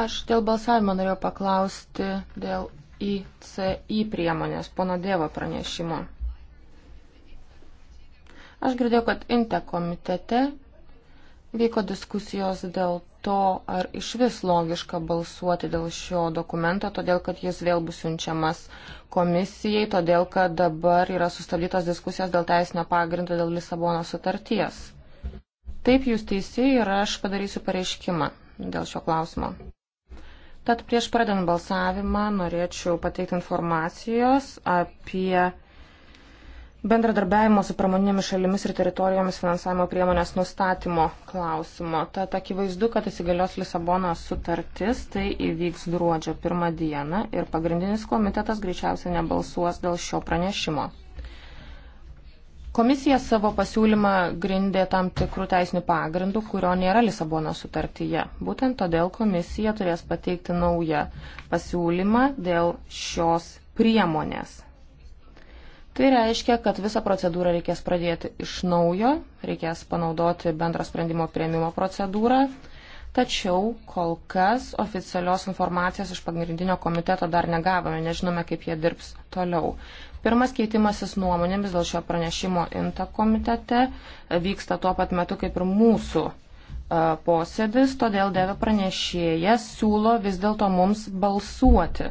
Aš dėl balsavimo norėjau paklausti dėl ICI priemonės, pono Dievo pranešimo. Aš girdėjau, kad INTE komitete vyko diskusijos dėl to, ar iš vis logiška balsuoti dėl šio dokumento, todėl kad jis vėl bus siunčiamas komisijai, todėl kad dabar yra sustabdytos diskusijos dėl teisinio pagrindo dėl Lisabono sutarties. Taip, jūs teisi ir aš padarysiu pareiškimą dėl šio klausimo. Tad prieš pradant balsavimą norėčiau pateikti informacijos apie bendradarbiavimo su pramoninėmis šalimis ir teritorijomis finansavimo priemonės nustatymo klausimo. Tad akivaizdu, kad įsigalios Lisabonos sutartis, tai įvyks gruodžio pirmą dieną ir pagrindinis komitetas greičiausiai nebalsuos dėl šio pranešimo. Komisija savo pasiūlymą grindė tam tikrų teisinių pagrindų, kurio nėra Lisabono sutartyje. Būtent todėl komisija turės pateikti naują pasiūlymą dėl šios priemonės. Tai reiškia, kad visą procedūrą reikės pradėti iš naujo, reikės panaudoti bendrą sprendimo prieimimo procedūrą, tačiau kol kas oficialios informacijos iš pagrindinio komiteto dar negavome, nežinome, kaip jie dirbs toliau. Pirmas keitimasis nuomonėmis dėl šio pranešimo INTA komitete vyksta tuo pat metu kaip ir mūsų e, posėdis, todėl devė pranešėjas siūlo vis dėlto mums balsuoti.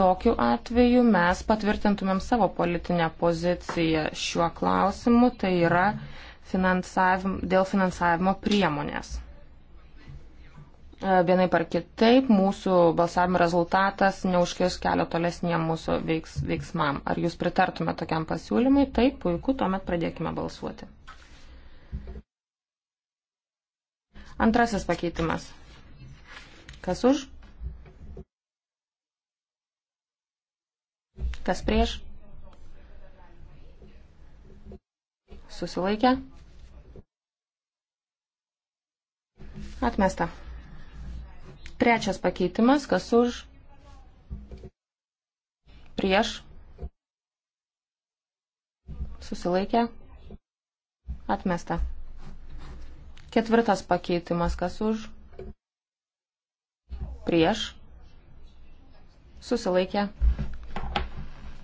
Tokiu atveju mes patvirtintumėm savo politinę poziciją šiuo klausimu, tai yra finansavim, dėl finansavimo priemonės. E, vienai par kitaip mūsų balsavimo rezultatas neužkirs kelio tolesniem mūsų veiks, veiksmam. Ar jūs pritartume tokiam pasiūlymui? Taip, puiku, tuomet pradėkime balsuoti. Antrasis pakeitimas. Kas už? Kas prieš? Susilaikę? Atmesta. Trečias pakeitimas, kas už, prieš, susilaikė, atmesta. Ketvirtas pakeitimas, kas už, prieš, susilaikė,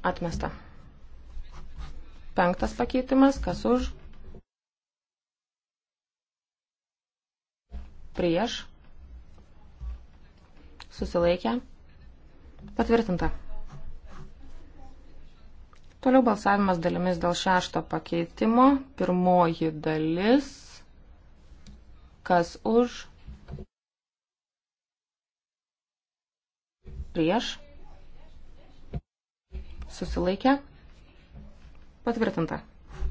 atmesta. Penktas pakeitimas, kas už, prieš, susilaikė, patvirtinta. Toliau balsavimas dalimis dėl šešto pakeitimo. Pirmoji dalis. Kas už? Prieš. Susilaikė. Patvirtinta.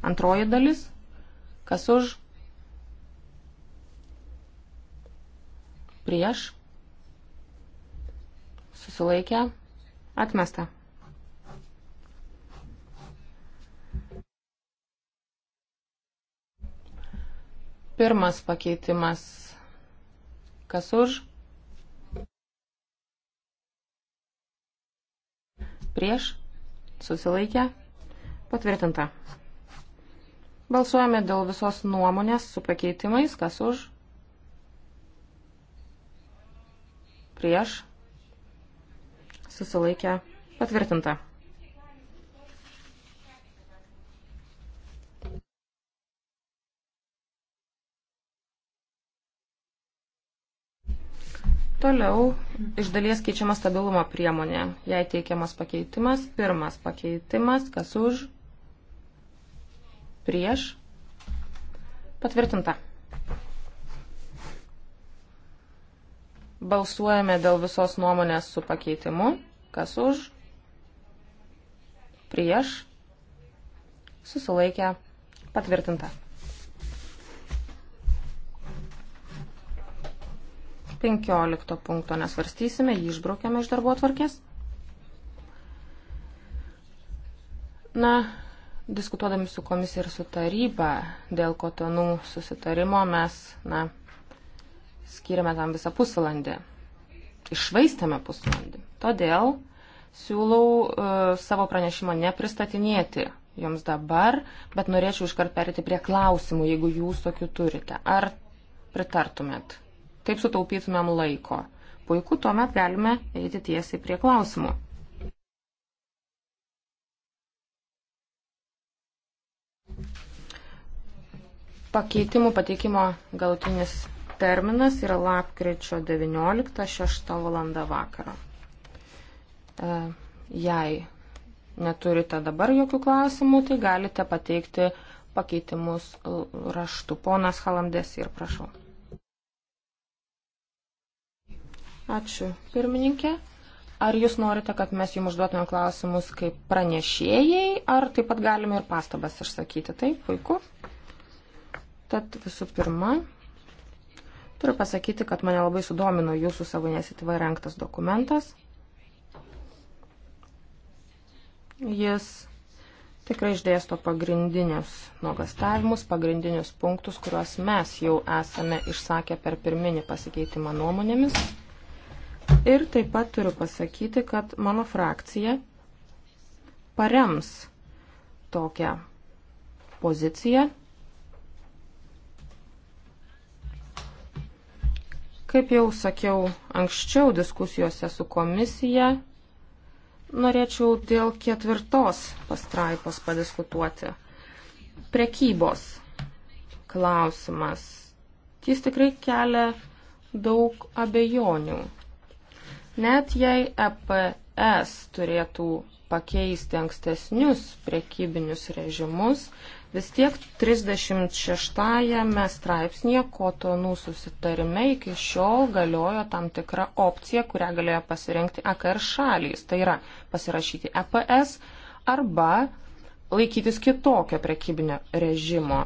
Antroji dalis. Kas už? Prieš susilaikė, atmesta. Pirmas pakeitimas, kas už, prieš, susilaikė, patvirtinta. Balsuojame dėl visos nuomonės su pakeitimais, kas už, prieš, susilaikė patvirtinta. Toliau iš dalies keičiama stabilumo priemonė. Jei teikiamas pakeitimas, pirmas pakeitimas, kas už, prieš, patvirtinta. Balsuojame dėl visos nuomonės su pakeitimu. Kas už? Prieš? Susilaikę? Patvirtinta. 15 punkto nesvarstysime, jį išbraukėme iš darbo atvarkės. Na, diskutuodami su komisija ir su taryba dėl kotonų susitarimo mes, na, skiriame tam visą pusvalandį išvaistėme pusvalandį. Todėl siūlau uh, savo pranešimo nepristatinėti jums dabar, bet norėčiau iškart perėti prie klausimų, jeigu jūs tokių turite. Ar pritartumėt? Taip sutaupytumėm laiko. Puiku, tuomet galime eiti tiesiai prie klausimų. Pakeitimų pateikimo galutinis terminas yra lapkričio 19.06 val. vakaro. E, jei neturite dabar jokių klausimų, tai galite pateikti pakeitimus raštu. Ponas Halamdės ir prašau. Ačiū, pirmininkė. Ar jūs norite, kad mes jums užduotumėm klausimus kaip pranešėjai, ar taip pat galime ir pastabas išsakyti? Taip, puiku. Tad visų pirma, Turiu pasakyti, kad mane labai sudomino jūsų savo nesitvai renktas dokumentas. Jis tikrai išdėsto pagrindinius nuogastavimus, pagrindinius punktus, kuriuos mes jau esame išsakę per pirminį pasikeitimą nuomonėmis. Ir taip pat turiu pasakyti, kad mano frakcija parems tokią poziciją Kaip jau sakiau anksčiau diskusijose su komisija, norėčiau dėl ketvirtos pastraipos padiskutuoti. Prekybos klausimas. Jis tikrai kelia daug abejonių. Net jei EPS turėtų pakeisti ankstesnius prekybinius režimus, Vis tiek 36 straipsnėje kotonų susitarime iki šiol galiojo tam tikra opcija, kurią galėjo pasirinkti AKR šalys. Tai yra pasirašyti EPS arba laikytis kitokio prekybinio režimo.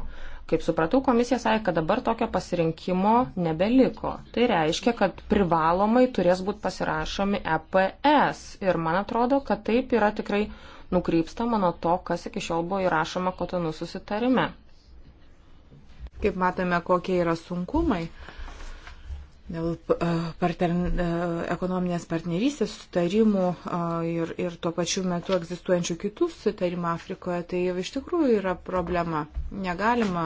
Kaip supratau, komisija sakė, kad dabar tokio pasirinkimo nebeliko. Tai reiškia, kad privalomai turės būti pasirašomi EPS. Ir man atrodo, kad taip yra tikrai nukrypstama nuo to, kas iki šiol buvo įrašoma kotonų susitarime. Kaip matome, kokie yra sunkumai dėl e, partern, e, ekonominės partnerystės sutarimų e, ir, ir tuo pačiu metu egzistuojančių kitų sutarimų Afrikoje, tai iš tikrųjų yra problema. Negalima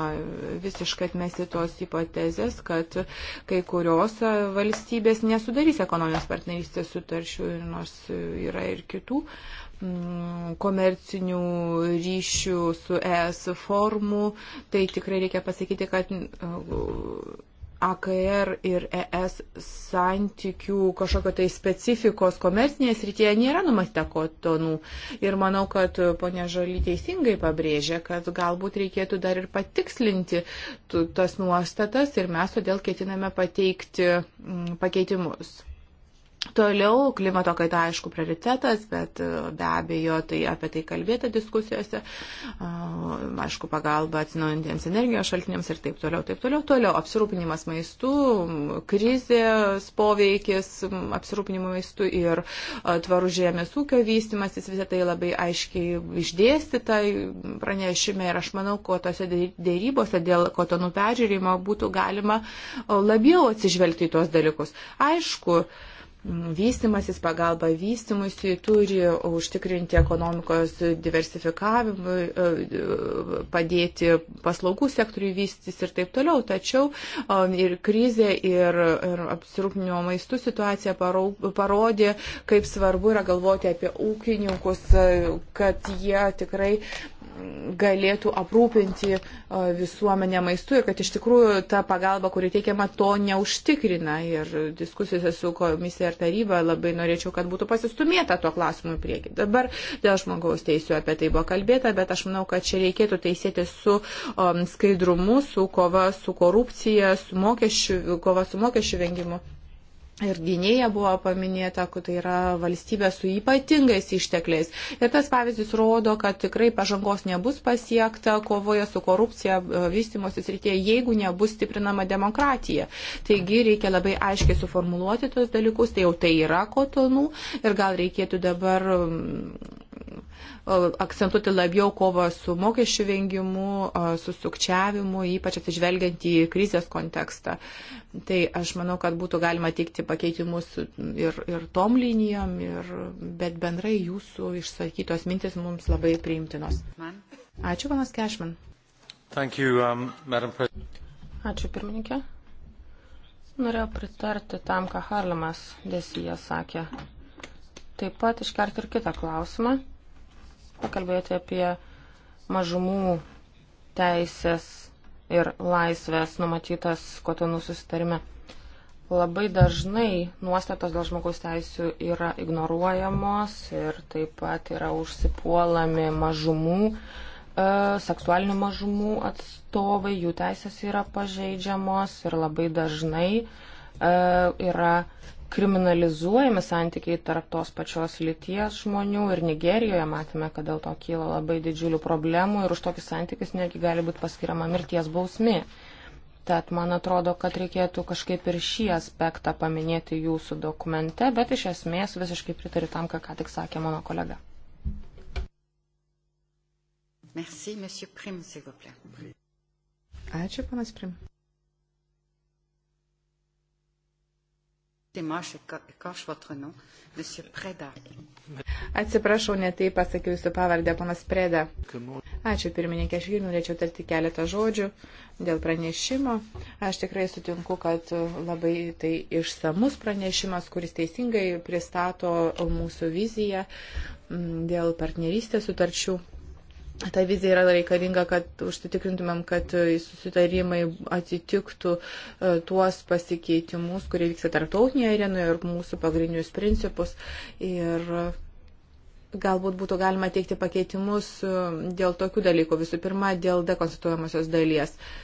visiškai atmesti tos hipotezės, kad kai kurios valstybės nesudarys ekonominės partnerystės sutarčių, nors yra ir kitų. Uh, Mm, komercinių ryšių su ES formų, tai tikrai reikia pasakyti, kad uh, AKR ir ES santykių kažkokio tai specifikos komercinėje srityje nėra numatyta kotonų. Ir manau, kad ponia Žaly teisingai pabrėžė, kad galbūt reikėtų dar ir patikslinti tas nuostatas ir mes todėl ketiname pateikti mm, pakeitimus. Toliau klimato kaita, aišku, prioritetas, bet e, be abejo, tai apie tai kalbėta diskusijose, aišku, pagalba atsinaujantiems energijos šaltiniams ir taip toliau, taip toliau, toliau, apsirūpinimas maistu, krizės poveikis apsirūpinimo maistu ir tvarų žemės ūkio vystimasis, visą tai labai aiškiai išdėstyta pranešime ir aš manau, ko tose dėrybose dėl kotonų peržiūrėjimo būtų galima labiau atsižvelgti į tuos dalykus. Aišku, vystimasis, pagalba vystimusi turi užtikrinti ekonomikos diversifikavimui, e, padėti paslaugų sektoriui vystis ir taip toliau. Tačiau e, ir krizė, ir, ir apsirūpinimo maistų situacija parau, parodė, kaip svarbu yra galvoti apie ūkininkus, e, kad jie tikrai galėtų aprūpinti visuomenę maistu ir kad iš tikrųjų ta pagalba, kuri teikiama, to neužtikrina. Ir diskusijose su komisija ir taryba labai norėčiau, kad būtų pasistumėta tuo klausimu į priekį. Dabar dėl žmogaus teisų apie tai buvo kalbėta, bet aš manau, kad čia reikėtų teisėti su um, skaidrumu, su kova su korupcija, su mokesčių, kova su mokesčių vengimu ir gynėja buvo paminėta, kad tai yra valstybė su ypatingais ištekliais. Ir tas pavyzdys rodo, kad tikrai pažangos nebus pasiekta kovoje su korupcija e, vystimosi srityje, jeigu nebus stiprinama demokratija. Taigi reikia labai aiškiai suformuluoti tos dalykus, tai jau tai yra kotonų ir gal reikėtų dabar akcentuoti labiau kovą su mokesčių vengimu, su sukčiavimu, ypač atsižvelgiant į krizės kontekstą. Tai aš manau, kad būtų galima teikti pakeitimus ir, ir tom linijom, ir, bet bendrai jūsų išsakytos mintis mums labai priimtinos. Ačiū, panas Kešman. Thank you, um, Ačiū, pirmininkė. Norėjau pritarti tam, ką Harlemas Desija sakė. Taip pat iškelti ir kitą klausimą pakalbėti apie mažumų teisės ir laisvės numatytas kotonų susitarime. Labai dažnai nuostatos dėl žmogaus teisų yra ignoruojamos ir taip pat yra užsipuolami mažumų, e, seksualinių mažumų atstovai, jų teisės yra pažeidžiamos ir labai dažnai e, yra kriminalizuojami santykiai tarp tos pačios lyties žmonių ir Nigerijoje matėme, kad dėl to kyla labai didžiulių problemų ir už tokius santykius netgi gali būti paskiriama mirties bausmė. Tad man atrodo, kad reikėtų kažkaip ir šį aspektą paminėti jūsų dokumente, bet iš esmės visiškai pritariu tam, ką ką tik sakė mano kolega. Merci, Prim, Ačiū, panas Prim. Atsiprašau, netai pasakiau jūsų pavardę, panas Preda. Ačiū pirmininkė, aš ir norėčiau tarti keletą žodžių dėl pranešimo. Aš tikrai sutinku, kad labai tai išsamus pranešimas, kuris teisingai pristato mūsų viziją mm, dėl partnerystės sutarčių ta vizija yra reikalinga, kad užsitikrintumėm, kad susitarimai atitiktų e, tuos pasikeitimus, kurie vyksta tarptautinėje arenoje ir mūsų pagrindinius principus. Ir e, galbūt būtų galima teikti pakeitimus e, dėl tokių dalykų. Visų pirma, dėl dekonstituojamosios dalies. Uh,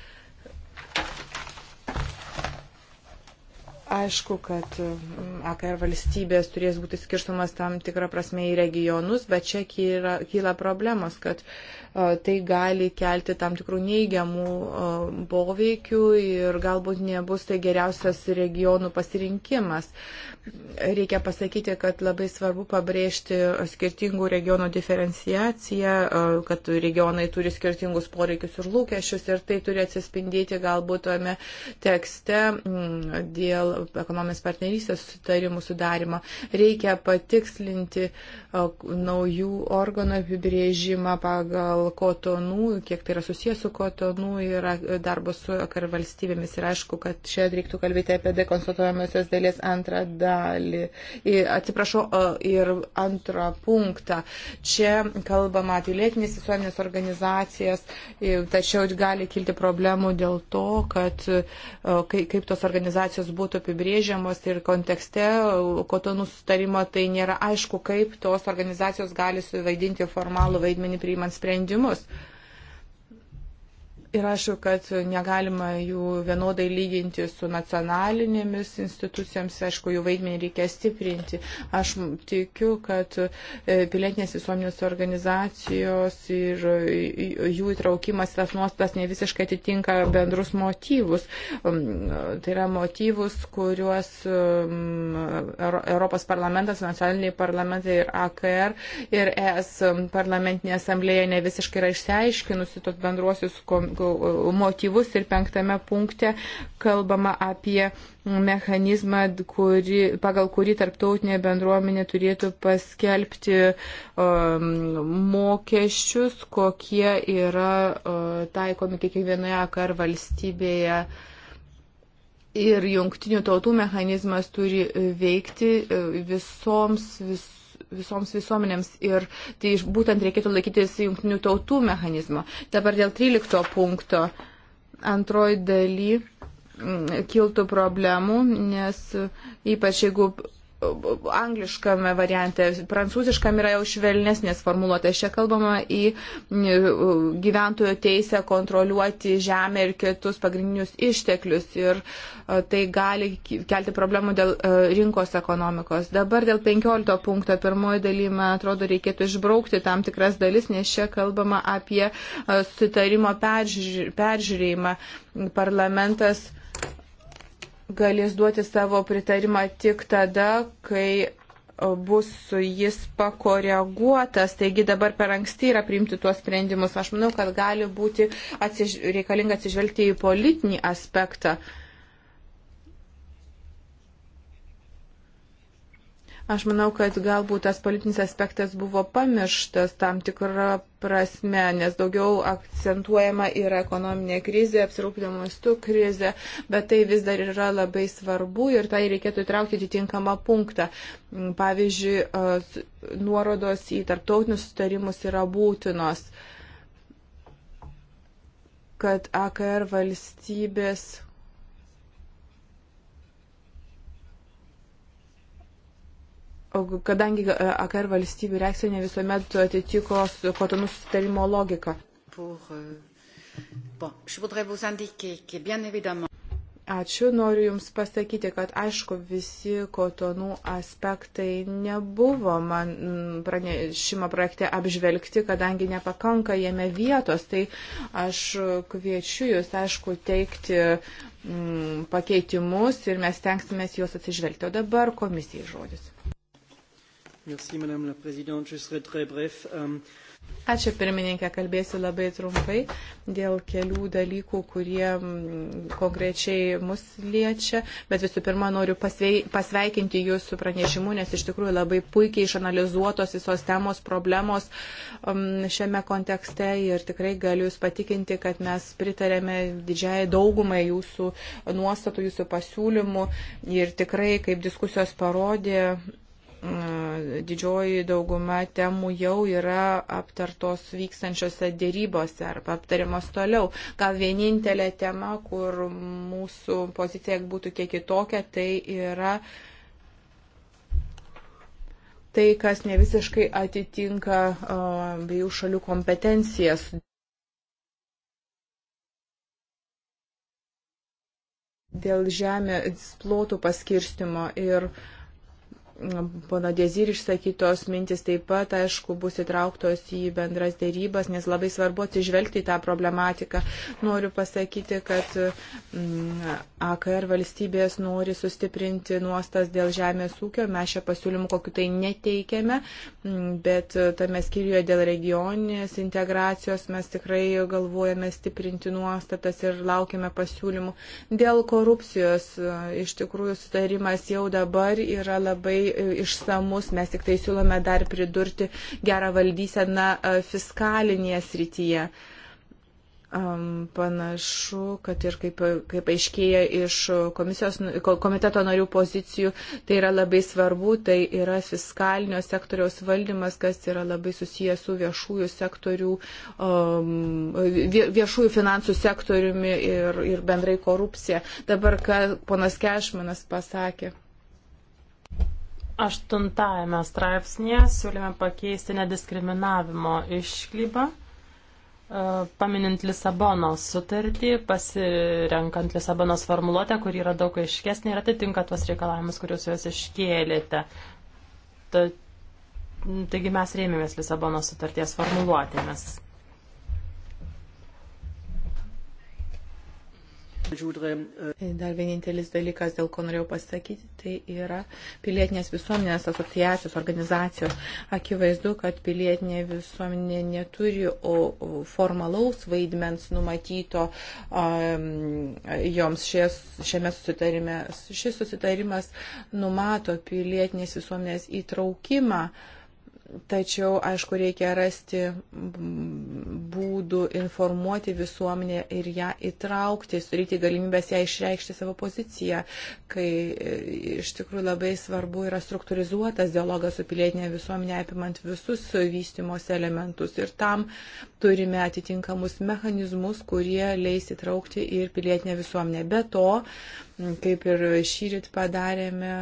Aišku, kad mm, AKR valstybės turės būti skirstumas tam tikrą prasme į regionus, bet čia kyla, kyla problemos, kad tai gali kelti tam tikrų neigiamų poveikių ir galbūt nebus tai geriausias regionų pasirinkimas. Reikia pasakyti, kad labai svarbu pabrėžti skirtingų regionų diferenciaciją, kad regionai turi skirtingus poreikius ir lūkesčius ir tai turi atsispindėti galbūt tome tekste mm, dėl ekonominės partnerystės sutarimų sudarimo. Reikia patikslinti naujų organų apibrėžimą pagal dėl kotonų, kiek tai yra susijęs su kotonų ir darbo su kar valstybėmis. Ir aišku, kad čia reiktų kalbėti apie dekonstatuojamosios dalies antrą dalį. Ir, atsiprašau, ir antrą punktą. Čia kalbama apie lėtinės visuomenės organizacijas, tačiau gali kilti problemų dėl to, kad kaip tos organizacijos būtų apibrėžiamos ir kontekste kotonų sustarimo, tai nėra aišku, kaip tos organizacijos gali suvaidinti formalų vaidmenį priimant sprendimą draudimus. Uh, Ir aišku, kad negalima jų vienodai lyginti su nacionalinėmis institucijoms, aišku, jų vaidmenį reikia stiprinti. Aš tikiu, kad e, pilietinės visuomenės organizacijos ir e, jų įtraukimas tas nuostas ne visiškai atitinka bendrus motyvus. Um, tai yra motyvus, kuriuos um, Europos parlamentas, nacionaliniai parlamentai ir AKR ir ES um, parlamentinė asamblėje ne visiškai yra išsiaiškinusi tos bendruosius kom motyvus ir penktame punkte kalbama apie mechanizmą, kuri, pagal kurį tarptautinė bendruomenė turėtų paskelbti um, mokesčius, kokie yra uh, taikomi kiekvienoje kar valstybėje. Ir jungtinių tautų mechanizmas turi veikti uh, visoms, visoms visoms visuomenėms ir tai būtent reikėtų laikytis jungtinių tautų mechanizmo. Dabar dėl 13 punkto antroji daly mm, kiltų problemų, nes ypač jeigu angliškame variante, prancūziškam yra jau švelnesnės formuluotės. Čia kalbama į gyventojo teisę kontroliuoti žemę ir kitus pagrindinius išteklius ir e, tai gali kelti problemų dėl e, rinkos ekonomikos. Dabar dėl 15 punkto pirmoji daly, man atrodo, reikėtų išbraukti tam tikras dalis, nes čia kalbama apie e, sutarimo peržiūrėjimą. Parlamentas galės duoti savo pritarimą tik tada, kai bus jis pakoreguotas. Taigi dabar per anksti yra priimti tuos sprendimus. Aš manau, kad gali būti atsiž... reikalinga atsižvelgti į politinį aspektą. Uh, Aš manau, kad galbūt tas politinis aspektas buvo pamirštas tam tikrą prasme, nes daugiau akcentuojama yra ekonominė krizė, apsirūpinimo mastu krizė, bet tai vis dar yra labai svarbu ir tai reikėtų įtraukti į tinkamą punktą. Mm, pavyzdžiui, nuorodos į tarptautinius sustarimus yra būtinos, kad AKR valstybės kadangi e, AKR valstybių reakcija ne visuomet atitiko kotonų susitarimo logiką. E, Ačiū, noriu Jums pasakyti, kad aišku visi kotonų aspektai nebuvo man pranešimo projekte apžvelgti, kadangi nepakanka jame vietos, tai aš kviečiu Jūs, aišku, teikti mm, pakeitimus ir mes tenksime juos atsižvelgti. O dabar komisijai žodis. Merci, Madame la Présidente. Je serai très bref. Um... Ačiū pirmininkė, kalbėsiu labai trumpai dėl kelių dalykų, kurie konkrečiai mus liečia, bet visų pirma noriu pasveikinti jūs su pranešimu, nes iš tikrųjų labai puikiai išanalizuotos visos temos, problemos šiame kontekste ir tikrai galiu jūs patikinti, kad mes pritarėme didžiai daugumai jūsų nuostatų, jūsų pasiūlymų ir tikrai, kaip diskusijos parodė, didžioji dauguma temų jau yra aptartos vykstančiose dėrybose arba aptariamos toliau. Gal vienintelė tema, kur mūsų pozicija būtų kiek kitokia, tai yra tai, kas ne visiškai atitinka abiejų šalių kompetencijas. Dėl žemės plotų paskirstimo ir uh, Pono Dezir išsakytos mintis taip pat, aišku, bus įtrauktos į bendras dėrybas, nes labai svarbu atsižvelgti į tą problematiką. Noriu pasakyti, kad mm, AKR valstybės nori sustiprinti nuostas dėl žemės ūkio. Mes šią pasiūlymą kokiu tai neteikėme, mm, bet tame skyriuje dėl regioninės integracijos mes tikrai galvojame stiprinti nuostatas ir laukime pasiūlymų. Dėl korupcijos e, iš tikrųjų sutarimas jau dabar yra labai E, išsamus, mes tik tai siūlome dar pridurti gerą valdyseną e, fiskalinėje srityje. Um, panašu, kad ir kaip, kaip aiškėja iš komisijos, komiteto narių pozicijų, tai yra labai svarbu, tai yra fiskalinio sektoriaus valdymas, kas yra labai susijęs su viešųjų sektorių, um, viešųjų finansų sektoriumi ir, ir bendrai korupcija. Dabar, ką ponas Kešmanas pasakė. Aštuntajame straipsnėje siūlėme pakeisti nediskriminavimo išklybą, e, paminint Lisabonos sutartį, pasirenkant Lisabonos formuluotę, kuri yra daug aiškesnė ir atitinka tuos reikalavimus, kuriuos jūs iškėlėte. Ta, taigi mes rėmėmės Lisabonos sutarties formuluotėmis. E, dar vienintelis dalykas, dėl ko norėjau pasakyti, tai yra pilietinės visuomenės asociacijos, organizacijos. Akivaizdu, kad pilietinė visuomenė neturi formalaus vaidmens numatyto um, joms šies, šiame susitarime. Šis susitarimas numato pilietinės visuomenės įtraukimą. Uh, Tačiau, aišku, reikia rasti būdų informuoti visuomenę ir ją įtraukti, suryti galimybės ją išreikšti savo poziciją, kai e, iš tikrųjų labai svarbu yra struktūrizuotas dialogas su pilietinė visuomenė apimant visus vystimos elementus. Ir tam turime atitinkamus mechanizmus, kurie leis įtraukti ir pilietinę visuomenę. Be to, kaip ir šyrit padarėme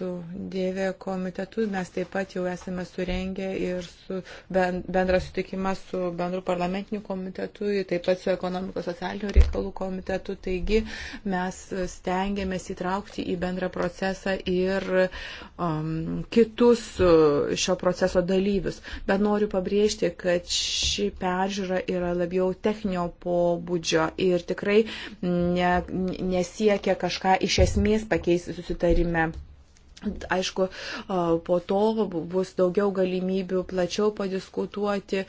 su Dėvė komitetu. Mes taip pat jau esame surengę ir su bendrą sutikimą su bendru parlamentiniu komitetu, taip pat su ekonomikos socialinių reikalų komitetu. Taigi mes stengiamės įtraukti į bendrą procesą ir um, kitus uh, šio proceso dalyvius. Bet noriu pabrėžti, kad ši peržiūra yra labiau techninio pobūdžio ir tikrai ne, nesiekia kažką iš esmės pakeisti susitarime. Aišku, po to bus daugiau galimybių plačiau padiskutuoti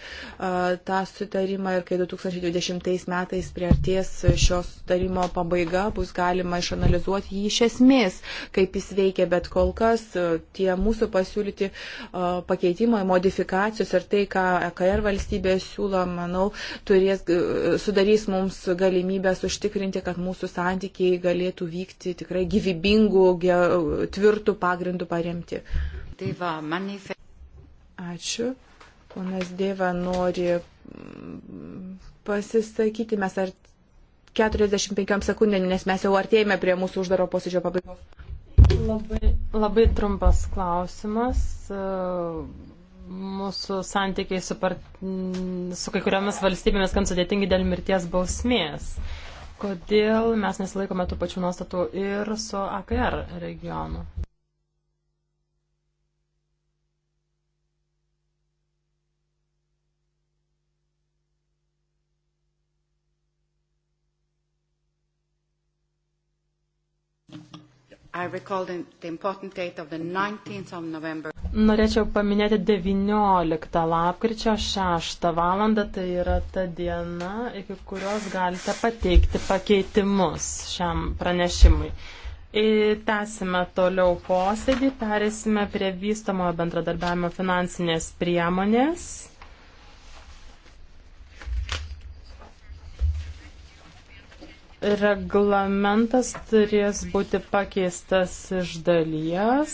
tą sutarimą ir kai 2020 metais prieartės šio sutarimo pabaiga, bus galima išanalizuoti jį iš esmės, kaip jis veikia, bet kol kas tie mūsų pasiūlyti pakeitimai, modifikacijos ir tai, ką EKR valstybė siūlo, manau, turės, sudarys mums galimybės užtikrinti, kad mūsų santykiai galėtų vykti tikrai gyvybingų, tvirtų pagrindų paremti. Ačiū. Ponas Dėva nori mm, pasisakyti, mes ar 45 sekundėm, nes mes jau artėjame prie mūsų uždaro posėdžio pabaigos. Labai, labai trumpas klausimas. Mūsų santykiai su, part... su kai kuriomis valstybėmis gan sudėtingi dėl mirties bausmės. Kodėl mes nesilaikome tų pačių nuostatų ir su AKR regionu? Norėčiau paminėti 19 lapkričio 6 valandą, tai yra ta diena, iki kurios galite pateikti pakeitimus šiam pranešimui. Tęsime toliau posėdį, perėsime prie vystomojo bendradarbiavimo finansinės priemonės. Reglamentas turės būti pakeistas iš dalies,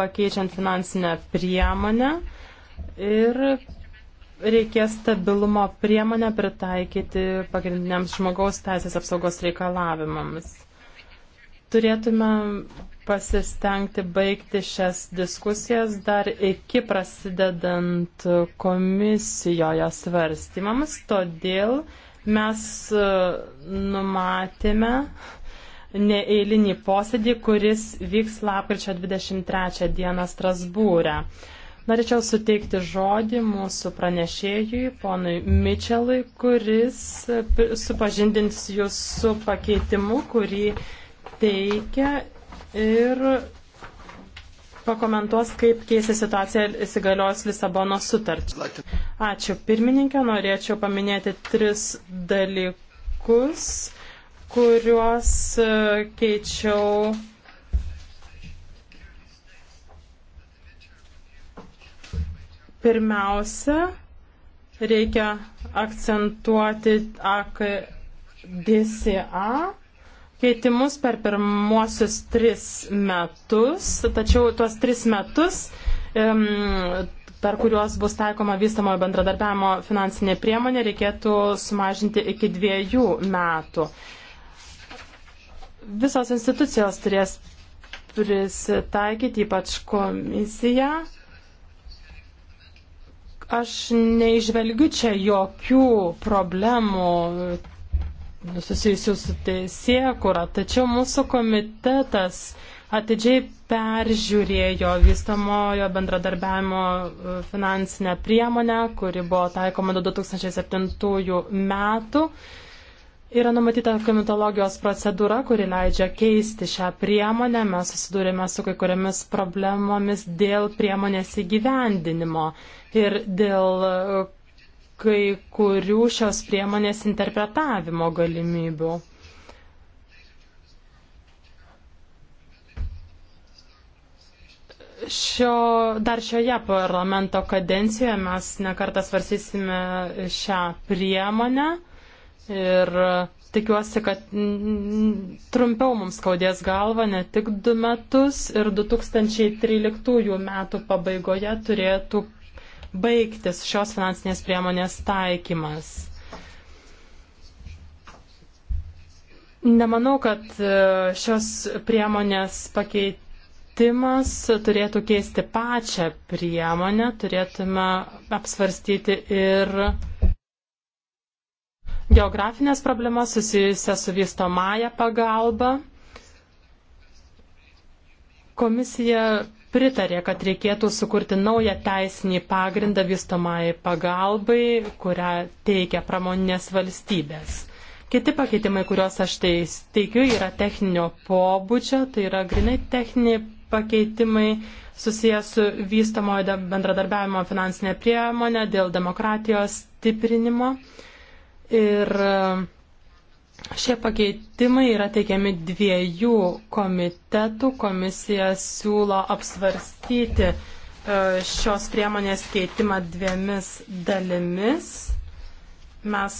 pakeičiant finansinę priemonę ir reikės stabilumo priemonę pritaikyti pagrindiniams žmogaus teisės apsaugos reikalavimams. Turėtume pasistengti baigti šias diskusijas dar iki prasidedant komisijoje svarstymams, todėl Mes e, numatėme neeilinį posėdį, kuris vyks lapkričio 23 dieną Strasbūrę. Norėčiau suteikti žodį mūsų pranešėjui, ponui Mičelui, kuris supažindins jūs su pakeitimu, kurį teikia ir pakomentuos, kaip keisė situacija įsigalios Lisabono sutartį. Ačiū pirmininkė, norėčiau paminėti tris dalykus, kuriuos e, keičiau. Pirmiausia, reikia akcentuoti AKDCA keitimus per pirmuosius tris metus, tačiau tuos tris metus, per kuriuos bus taikoma vystamojo bendradarbiavimo finansinė priemonė, reikėtų sumažinti iki dviejų metų. Visos institucijos turės prisitaikyti, ypač komisija aš neižvelgiu čia jokių problemų susijusių su teisėkura, tačiau mūsų komitetas atidžiai peržiūrėjo vystamojo bendradarbiavimo e, finansinę priemonę, kuri buvo taikoma 2007 metų. Yra numatyta komitologijos procedūra, kuri leidžia keisti šią priemonę. Mes susidūrėme su kai kuriamis problemomis dėl priemonės įgyvendinimo ir dėl e, kai kurių šios priemonės interpretavimo galimybių. šio, dar šioje parlamento kadencijoje mes nekartą svarsysime šią priemonę ir tikiuosi, kad trumpiau mums skaudės galva ne tik du metus ir 2013 metų pabaigoje turėtų baigtis šios finansinės priemonės taikymas. Nemanau, kad e, šios priemonės pakeitimas turėtų keisti pačią priemonę, turėtume apsvarstyti ir geografinės problemas susijusias su vystomąją pagalbą. Komisija pritarė, kad reikėtų sukurti naują teisinį pagrindą vystomai pagalbai, kurią teikia pramoninės valstybės. Kiti pakeitimai, kuriuos aš tai teikiu, yra techninio pobūdžio, tai yra grinai techniniai pakeitimai susijęs su vystomojo bendradarbiavimo finansinė priemonė dėl demokratijos stiprinimo. Ir uh, Šie pakeitimai yra teikiami dviejų komitetų. Komisija siūlo apsvarstyti e, šios priemonės keitimą dviemis dalimis. Mes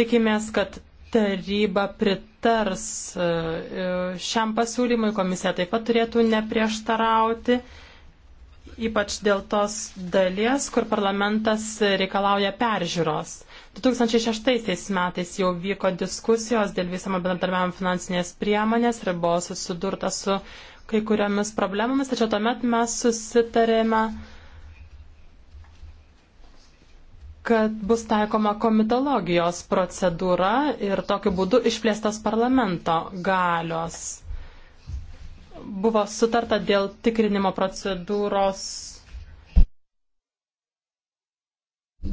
tikimės, kad taryba pritars e, e, šiam pasiūlymui, komisija taip pat turėtų neprieštarauti, ypač dėl tos dalies, kur parlamentas reikalauja peržiūros. 2006 metais jau vyko diskusijos dėl visamo bendradarbiavimo finansinės priemonės ir buvo susidurta su kai kuriomis problemomis, tačiau tuomet mes susitarėme, kad bus taikoma komitologijos procedūra ir tokiu būdu išplėstos parlamento galios. Buvo sutarta dėl tikrinimo procedūros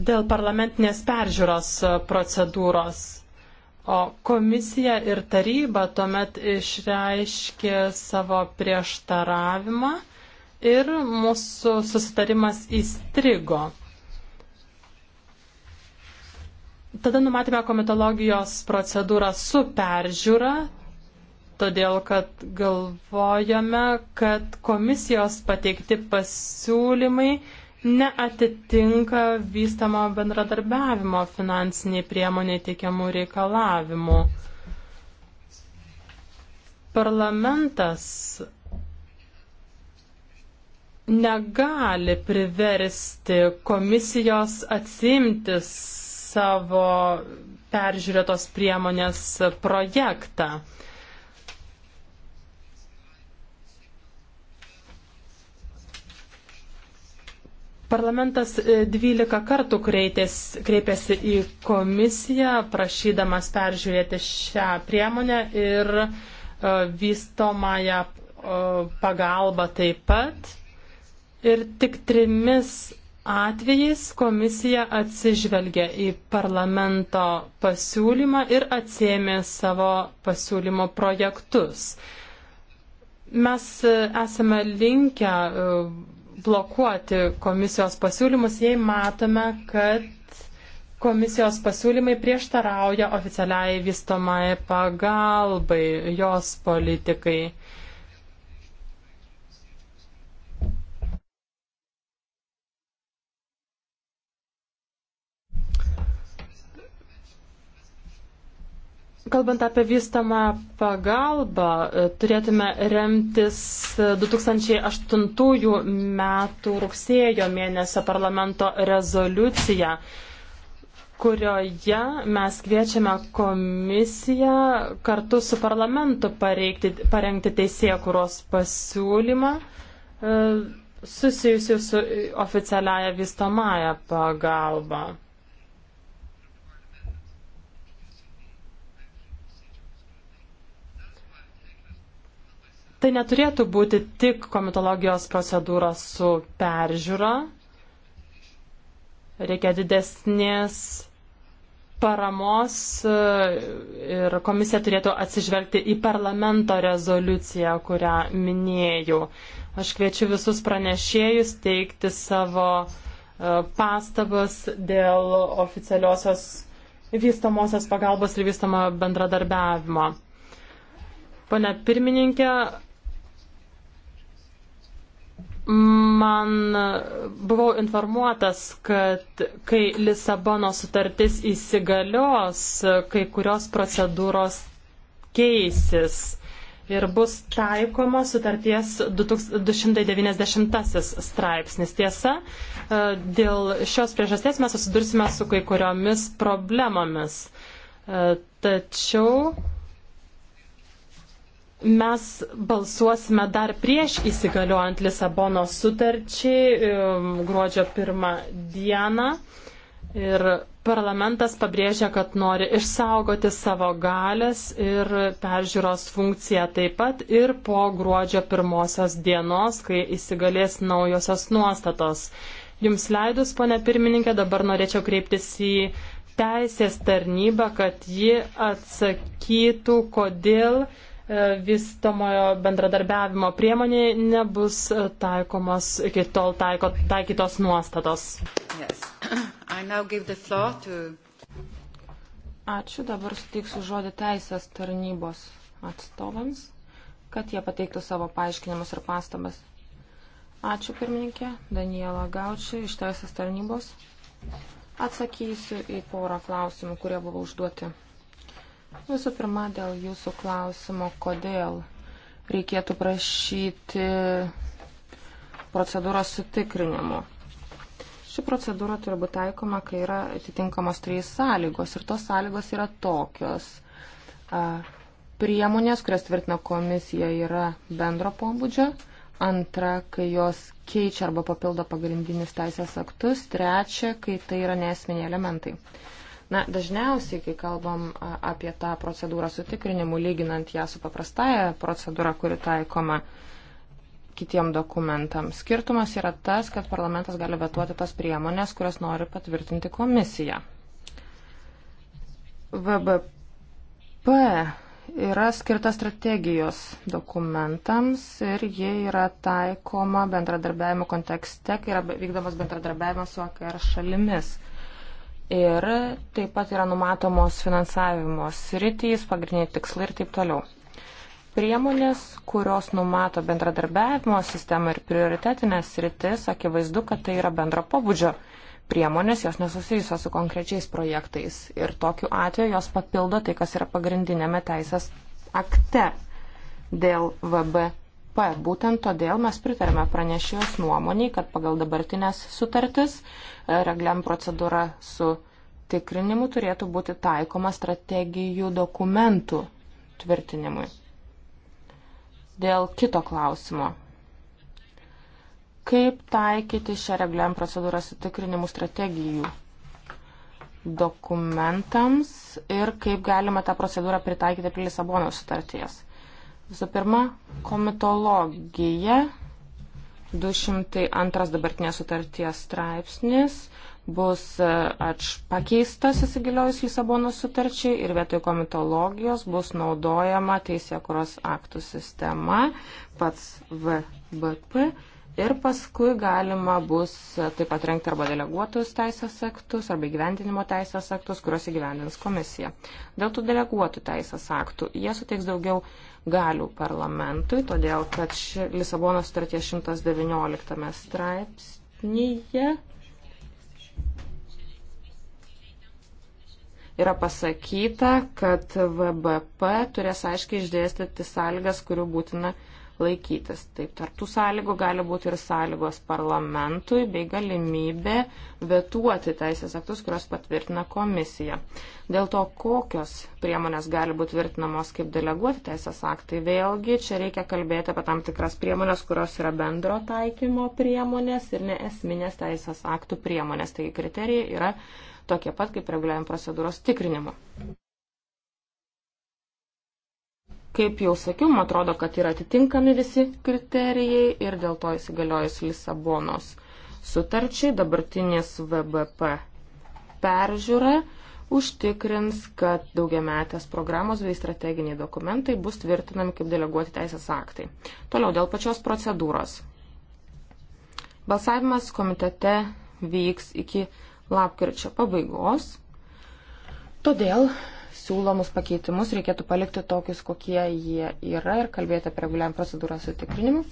Dėl parlamentinės peržiūros e, procedūros. O komisija ir taryba tuomet išreiškė savo prieštaravimą ir mūsų susitarimas įstrigo. Tada numatėme komitologijos procedūrą su peržiūra, todėl kad galvojame, kad komisijos pateikti pasiūlymai neatitinka vystamo bendradarbiavimo finansiniai priemonė teikiamų reikalavimų. Parlamentas negali priversti komisijos atsimti savo peržiūrėtos priemonės projektą. Parlamentas 12 e, kartų kreitės, kreipėsi į komisiją, prašydamas peržiūrėti šią priemonę ir e, vystomąją e, pagalbą taip pat. Ir tik trimis atvejais komisija atsižvelgia į parlamento pasiūlymą ir atsėmė savo pasiūlymo projektus. Mes esame linkę blokuoti komisijos pasiūlymus, jei matome, kad komisijos pasiūlymai prieštarauja oficialiai vystomai pagalbai jos politikai. Kalbant apie vystamą pagalbą, e, turėtume remtis 2008 e, metų rugsėjo mėnesio parlamento rezoliuciją, kurioje mes kviečiame komisiją kartu su parlamentu pareikti, parengti teisėkuros pasiūlymą e, susijusiu su oficialiaja vystamąją pagalbą. Tai neturėtų būti tik komitologijos procedūra su peržiūra. Reikia didesnės paramos e, ir komisija turėtų atsižvelgti į parlamento rezoliuciją, kurią minėjau. Aš kviečiu visus pranešėjus teikti savo e, pastabas dėl oficialiosios vystamosios pagalbos ir vystamo bendradarbiavimo. Pane pirmininkė, Man buvau informuotas, kad kai Lisabono sutartis įsigalios, kai kurios procedūros keisis ir bus taikoma sutarties 290 straipsnis. Tiesa, dėl šios priežasties mes susidursime su kai kuriomis problemomis. Tačiau Mes balsuosime dar prieš įsigaliojant Lisabono sutarčiai gruodžio pirmą dieną. Ir parlamentas pabrėžia, kad nori išsaugoti savo galės ir peržiūros funkciją taip pat ir po gruodžio pirmosios dienos, kai įsigalės naujosios nuostatos. Jums leidus, ponė pirmininkė, dabar norėčiau kreiptis į teisės tarnybą, kad ji atsakytų, kodėl vystomojo bendradarbiavimo priemonė nebus taikomos iki tol taiko, taikytos nuostatos. Yes. To... Ačiū, dabar suteiksiu žodį teisės tarnybos atstovams, kad jie pateiktų savo paaiškinimus ir pastabas. Ačiū pirmininkė, Daniela Gaučiai iš teisės tarnybos. Atsakysiu į porą klausimų, kurie buvo užduoti. Visų pirma, dėl jūsų klausimo, kodėl reikėtų prašyti procedūros sutikrinimo. Ši procedūra turi būti taikoma, kai yra atitinkamos trys sąlygos. Ir tos sąlygos yra tokios. Priemonės, kurias tvirtina komisija, yra bendro pobūdžio. Antra, kai jos keičia arba papildo pagrindinius teisės aktus. Trečia, kai tai yra nesminiai elementai. Na, dažniausiai, kai kalbam apie tą procedūrą su tikrinimu, lyginant ją su paprastaja procedūra, kuri taikoma kitiem dokumentams, skirtumas yra tas, kad parlamentas gali vetuoti tas priemonės, kurias nori patvirtinti komisija. VBP yra skirta strategijos dokumentams ir ji yra taikoma bendradarbiavimo kontekste, kai yra vykdomas bendradarbiavimas su AKR šalimis ir taip pat yra numatomos finansavimo sritys, pagrindiniai tikslai ir taip toliau. Priemonės, kurios numato bendradarbiavimo sistemą ir prioritetinės sritis, akivaizdu, kad tai yra bendro pobūdžio priemonės, jos nesusijusios su konkrečiais projektais ir tokiu atveju jos papildo tai, kas yra pagrindinėme teisės akte dėl VB BŽUP. Būtent todėl mes pritarėme pranešėjos nuomonį, kad pagal dabartinės sutartis e, regliam procedūra su tikrinimu turėtų būti taikoma strategijų dokumentų tvirtinimui. Dėl kito klausimo kaip taikyti šią reguliavimo procedūrą sutikrinimų strategijų dokumentams ir kaip galima tą procedūrą pritaikyti prie Lisabonos sutarties. Visų pirma, komitologija 202 dabartinės sutarties straipsnis bus e, atš, pakeistas įsigaliojus Lisabono sutarčiai ir vietoj komitologijos bus naudojama teisėkuros aktų sistema, pats VBP ir paskui galima bus e, taip pat renkti arba deleguotus teisės aktus, arba įgyvendinimo teisės aktus, kuriuos įgyvendins komisija. Dėl tų deleguotų teisės aktų jie suteiks daugiau galių parlamentui, todėl kad ši Lisabono sutarties 119 straipsnyje yra pasakyta, kad VBP turės aiškiai išdėstyti sąlygas, kurių būtina laikytis. Taip, tartų sąlygų gali būti ir sąlygos parlamentui bei galimybė vetuoti teisės aktus, kurios patvirtina komisija. Dėl to, kokios priemonės gali būti tvirtinamos kaip deleguoti teisės aktai, vėlgi čia reikia kalbėti apie tam tikras priemonės, kurios yra bendro taikymo priemonės ir neesminės teisės aktų priemonės. Taigi kriterijai yra tokie pat kaip reguliavimo procedūros tikrinimo. Kaip jau sakiau, man atrodo, kad yra atitinkami visi kriterijai ir dėl to įsigaliojus Lisabonos sutarčiai dabartinės VBP peržiūra užtikrins, kad daugiametės programos bei strateginiai dokumentai bus tvirtinami kaip deleguoti teisės aktai. Toliau dėl pačios procedūros. Balsavimas komitete vyks iki lapkričio pabaigos. Todėl siūlomus pakeitimus reikėtų palikti tokius, kokie jie yra ir kalbėti apie reguliavimo procedūrą su tikrinimu.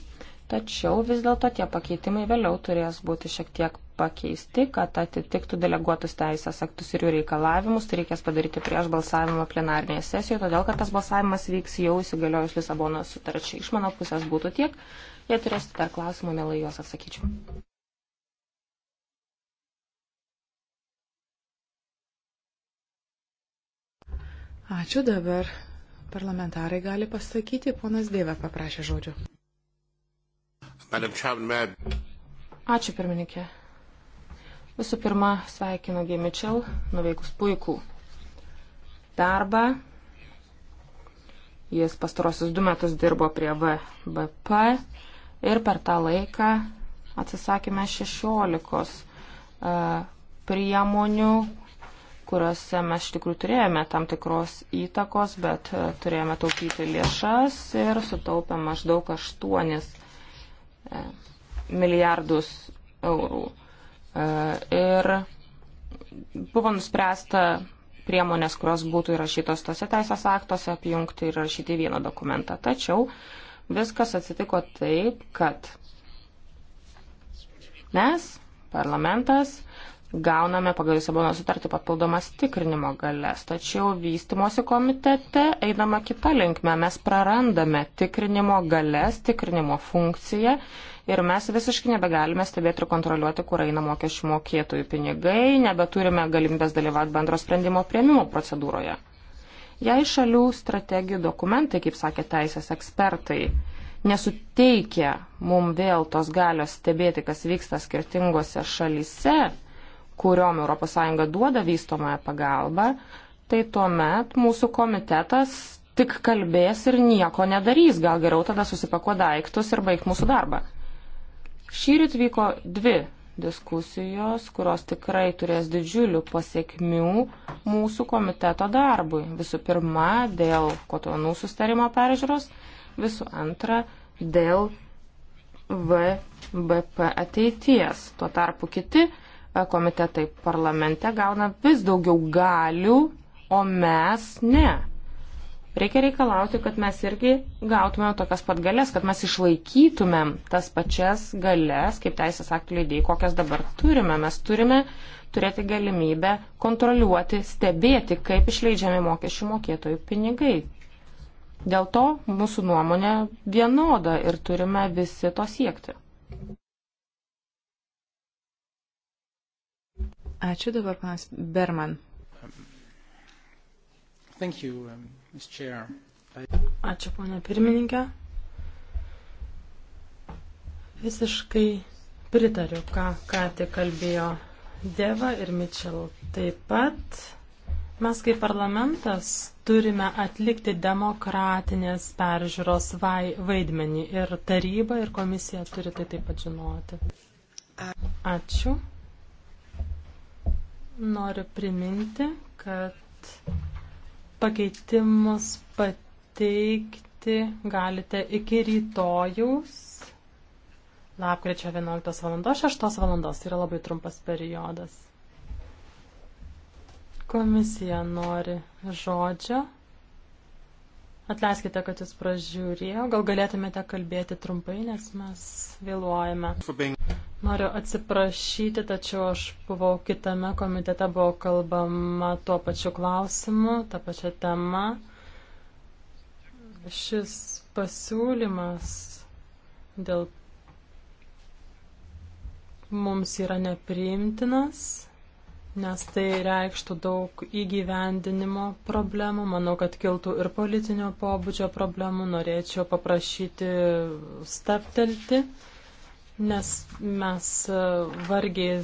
Tačiau vis dėlto tie pakeitimai vėliau turės būti šiek tiek pakeisti, kad atitiktų deleguotus teisės aktus ir jų reikalavimus. Tai reikės padaryti prieš balsavimą plenarnėje sesijoje, todėl kad tas balsavimas vyks jau įsigaliojus Lisabono sutarčiai. Iš mano pusės būtų tiek. Jei turėsite dar klausimų, mielai juos atsakyčiau. Ačiū dabar. Parlamentarai gali pasakyti, ponas Dėvė paprašė žodžio. Ačiū pirmininkė. Visų pirma, sveikinu Gemičel, nuveikus puikų darbą. Jis pastarosius du metus dirbo prie VBP ir per tą laiką atsisakėme 16 e, priemonių, kuriuose mes iš tikrųjų turėjome tam tikros įtakos, bet e, turėjome taupyti lėšas ir sutaupė maždaug 8 e, milijardus eurų. E, ir buvo nuspręsta priemonės, kurios būtų įrašytos tose teisės aktuose, apjungti ir rašyti į vieną dokumentą. Tačiau viskas atsitiko taip, kad mes, parlamentas, gauname pagal Lisabono sutartį papildomas tikrinimo galės. Tačiau vystimosi komitete eidama kita linkme mes prarandame tikrinimo galės, tikrinimo funkciją ir mes visiškai nebegalime stebėti ir kontroliuoti, kur eina mokesčių mokėtojų pinigai, nebeturime galimybės dalyvauti bendro sprendimo prieimimo procedūroje. Jei šalių strategijų dokumentai, kaip sakė teisės ekspertai, nesuteikia mums vėl tos galios stebėti, kas vyksta skirtingose šalyse, kuriom ES duoda vystomąją pagalbą, tai tuomet mūsų komitetas tik kalbės ir nieko nedarys. Gal geriau tada susipako daiktus ir baigt mūsų darbą. Šįryt vyko dvi diskusijos, kurios tikrai turės didžiulių pasiekmių mūsų komiteto darbui. Visų pirma, dėl kotonų sustarimo peržiūros, visų antra, dėl VBP ateities. Tuo tarpu kiti komitetai parlamente gauna vis daugiau galių, o mes ne. Reikia reikalauti, kad mes irgi gautumėm tokias pat galės, kad mes išlaikytumėm tas pačias galės, kaip teisės aktų leidėjai, kokias dabar turime. Mes turime turėti galimybę kontroliuoti, stebėti, kaip išleidžiami mokesčių mokėtojų pinigai. Dėl to mūsų nuomonė vienoda ir turime visi to siekti. Ačiū dabar, panas Berman. Thank you, Ms. Um, Chair. Ačiū, ponia pirmininkė. Visiškai pritariu, ką, ką tik kalbėjo Deva ir Mitchell. Taip pat mes kaip parlamentas turime atlikti demokratinės peržiūros vai, vaidmenį ir taryba ir komisija turi tai taip pat žinoti. Ačiū. Noriu priminti, kad pakeitimus pateikti galite iki rytojaus lapkričio 11 val. 6 val. yra labai trumpas periodas. Komisija nori žodžio. Atleiskite, kad jūs pražiūrėjau. Gal galėtumėte kalbėti trumpai, nes mes vėluojame. Noriu atsiprašyti, tačiau aš buvau kitame komitete, buvo kalbama tuo pačiu klausimu, tą pačią temą. Šis pasiūlymas dėl mums yra nepriimtinas, nes tai reikštų daug įgyvendinimo problemų. Manau, kad kiltų ir politinio pobūdžio problemų. Norėčiau paprašyti staptelti nes mes e, vargiai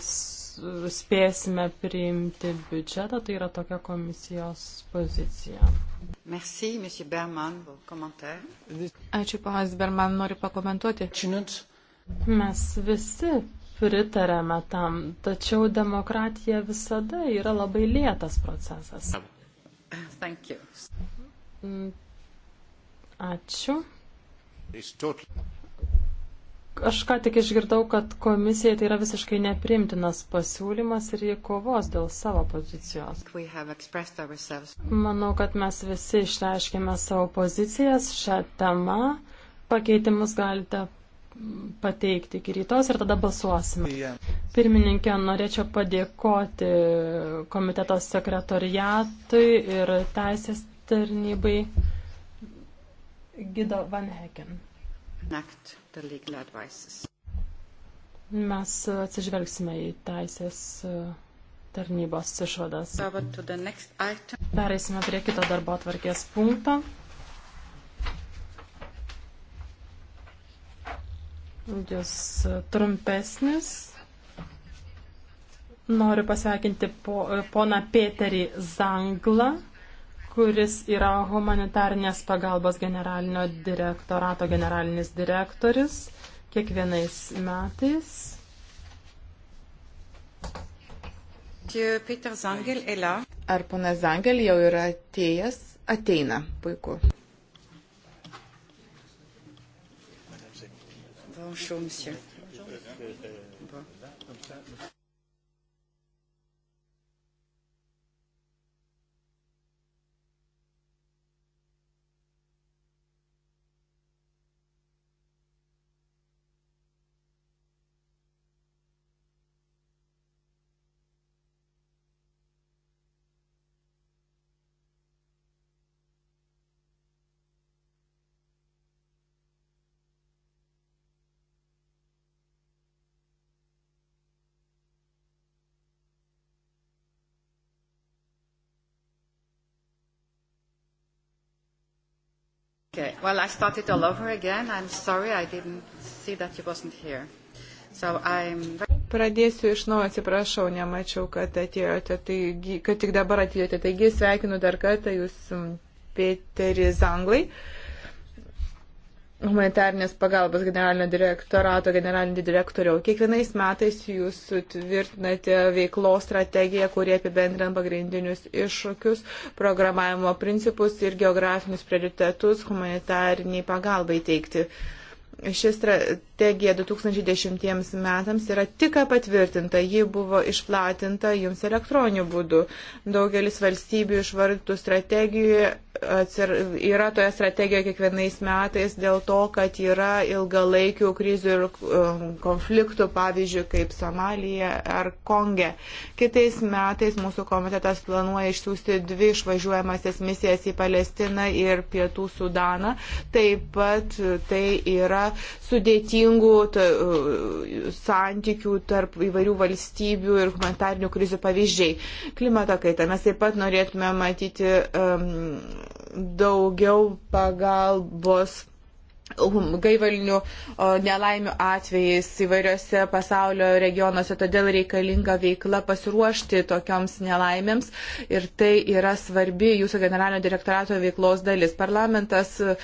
spėsime priimti biudžetą, tai yra tokia komisijos pozicija. Merci, monsieur Berman, Ačiū, ponas Berman, noriu pakomentuoti. Žinot. Mes visi pritarėme tam, tačiau demokratija visada yra labai lėtas procesas. Thank you. Ačiū. Aš ką tik išgirdau, kad komisijai tai yra visiškai neprimtinas pasiūlymas ir jie kovos dėl savo pozicijos. Manau, kad mes visi išreiškėme savo pozicijas šią temą. Pakeitimus galite pateikti iki rytos ir tada balsuosime. Pirmininkė, norėčiau padėkoti komiteto sekretoriatui ir teisės tarnybai Gido Van Heken. Mes atsižvelgsime į teisės e, tarnybos išvadas. Pereisime prie kito darbo atvarkės punkto. Jis trumpesnis. Noriu pasveikinti po, e, poną Peterį Zanglą kuris yra humanitarnės pagalbos generalinio direktorato generalinis direktorius kiekvienais metais. Ar ponas Zangel jau yra atėjęs? Ateina, puiku. Bonjour, monsieur. Bonjour. Okay, well, I started all over again. I'm sorry I didn't see that you wasn't here. So I'm... Pradėsiu iš naujo, atsiprašau, nemačiau, kad atėjote, taigi, kad tik dabar atėjote. Taigi sveikinu dar kartą jūs, Peteris Anglai. Uh, humanitarnės pagalbos generalinio direktorato generalinio direktoriau. Kiekvienais metais jūs tvirtinate veiklos strategiją, kurie apibendrina pagrindinius iššūkius, programavimo principus ir geografinius prioritetus humanitarniai pagalbai teikti. Ši strategija 2010 metams yra tik patvirtinta, ji buvo išplatinta jums elektroniniu būdu. Daugelis valstybių išvardytų strategijoje atsir, yra toje strategijoje kiekvienais metais dėl to, kad yra ilgalaikių krizių ir um, konfliktų, pavyzdžiui, kaip Somalija ar Konge. Kitais metais mūsų komitetas planuoja išsiųsti dvi išvažiuojamasias misijas į Palestiną ir Pietų Sudaną. Taip pat tai yra sudėtingų ta, uh, santykių tarp įvairių valstybių ir humanitarnių krizių pavyzdžiai. Klimato kaita. Mes taip pat norėtume matyti um, daugiau pagalbos gaivalinių nelaimių atvejais įvairiose pasaulio regionuose, todėl reikalinga veikla pasiruošti tokioms nelaimėms ir tai yra svarbi jūsų generalinio direktorato veiklos dalis. Parlamentas e,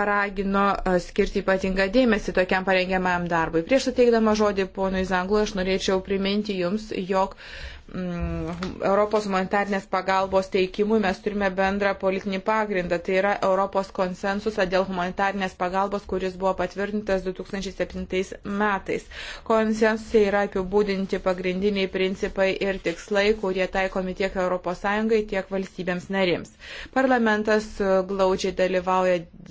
paragino e, skirti ypatingą dėmesį tokiam parengiamajam darbui. Prieš suteikdama žodį ponui Zanglu, aš norėčiau priminti jums, jog Mm, Europos humanitarnės pagalbos teikimui mes turime bendrą politinį pagrindą. Tai yra Europos konsensusą dėl humanitarnės pagalbos, kuris buvo patvirtintas 2007 metais. Konsensusai yra apibūdinti pagrindiniai principai ir tikslai, kurie taikomi tiek ES, tiek valstybėms narėms. Parlamentas e, glaudžiai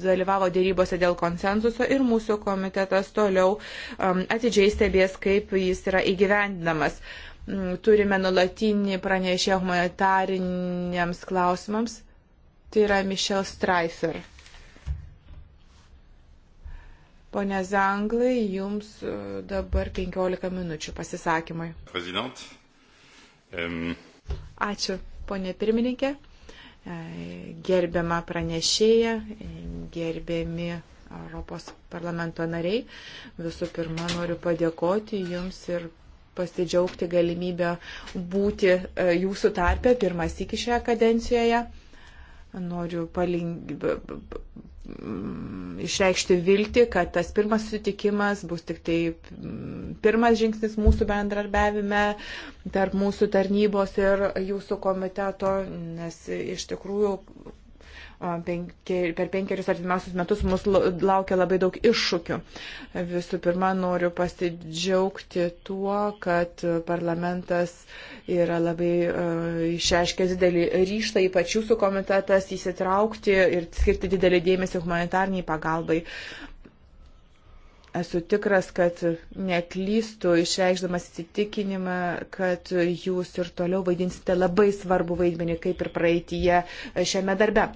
dalyvavo dėrybose dėl konsensuso ir mūsų komitetas toliau um, atidžiai stebės, kaip jis yra įgyvendinamas. Uh, Mm, turime nulatinį pranešę humanitariniams klausimams. Tai yra Michelle Streifer. Pone Zanglai, jums e, dabar 15 minučių pasisakymai. Prezident. Um... Ačiū, ponė pirmininkė. E, gerbiama pranešėja, e, gerbiami Europos parlamento nariai. Visų pirma, noriu padėkoti jums ir pasidžiaugti galimybę būti e, jūsų tarpe pirmas iki šioje kadencijoje. Noriu palink... išreikšti viltį, kad tas pirmas sutikimas bus tik tai pirmas žingsnis mūsų bendradarbiavime tarp mūsų tarnybos ir jūsų komiteto, nes iš tikrųjų penker, per penkerius artimiausius metus mus laukia labai daug iššūkių. Visų pirma, noriu pasidžiaugti tuo, kad parlamentas yra labai išreiškęs didelį ryštą, ypač jūsų komitetas, įsitraukti ir skirti didelį dėmesį humanitarniai pagalbai esu tikras, kad neklystu išreikšdamas įsitikinimą, kad jūs ir toliau vaidinsite labai svarbu vaidmenį, kaip ir praeitie šiame darbe.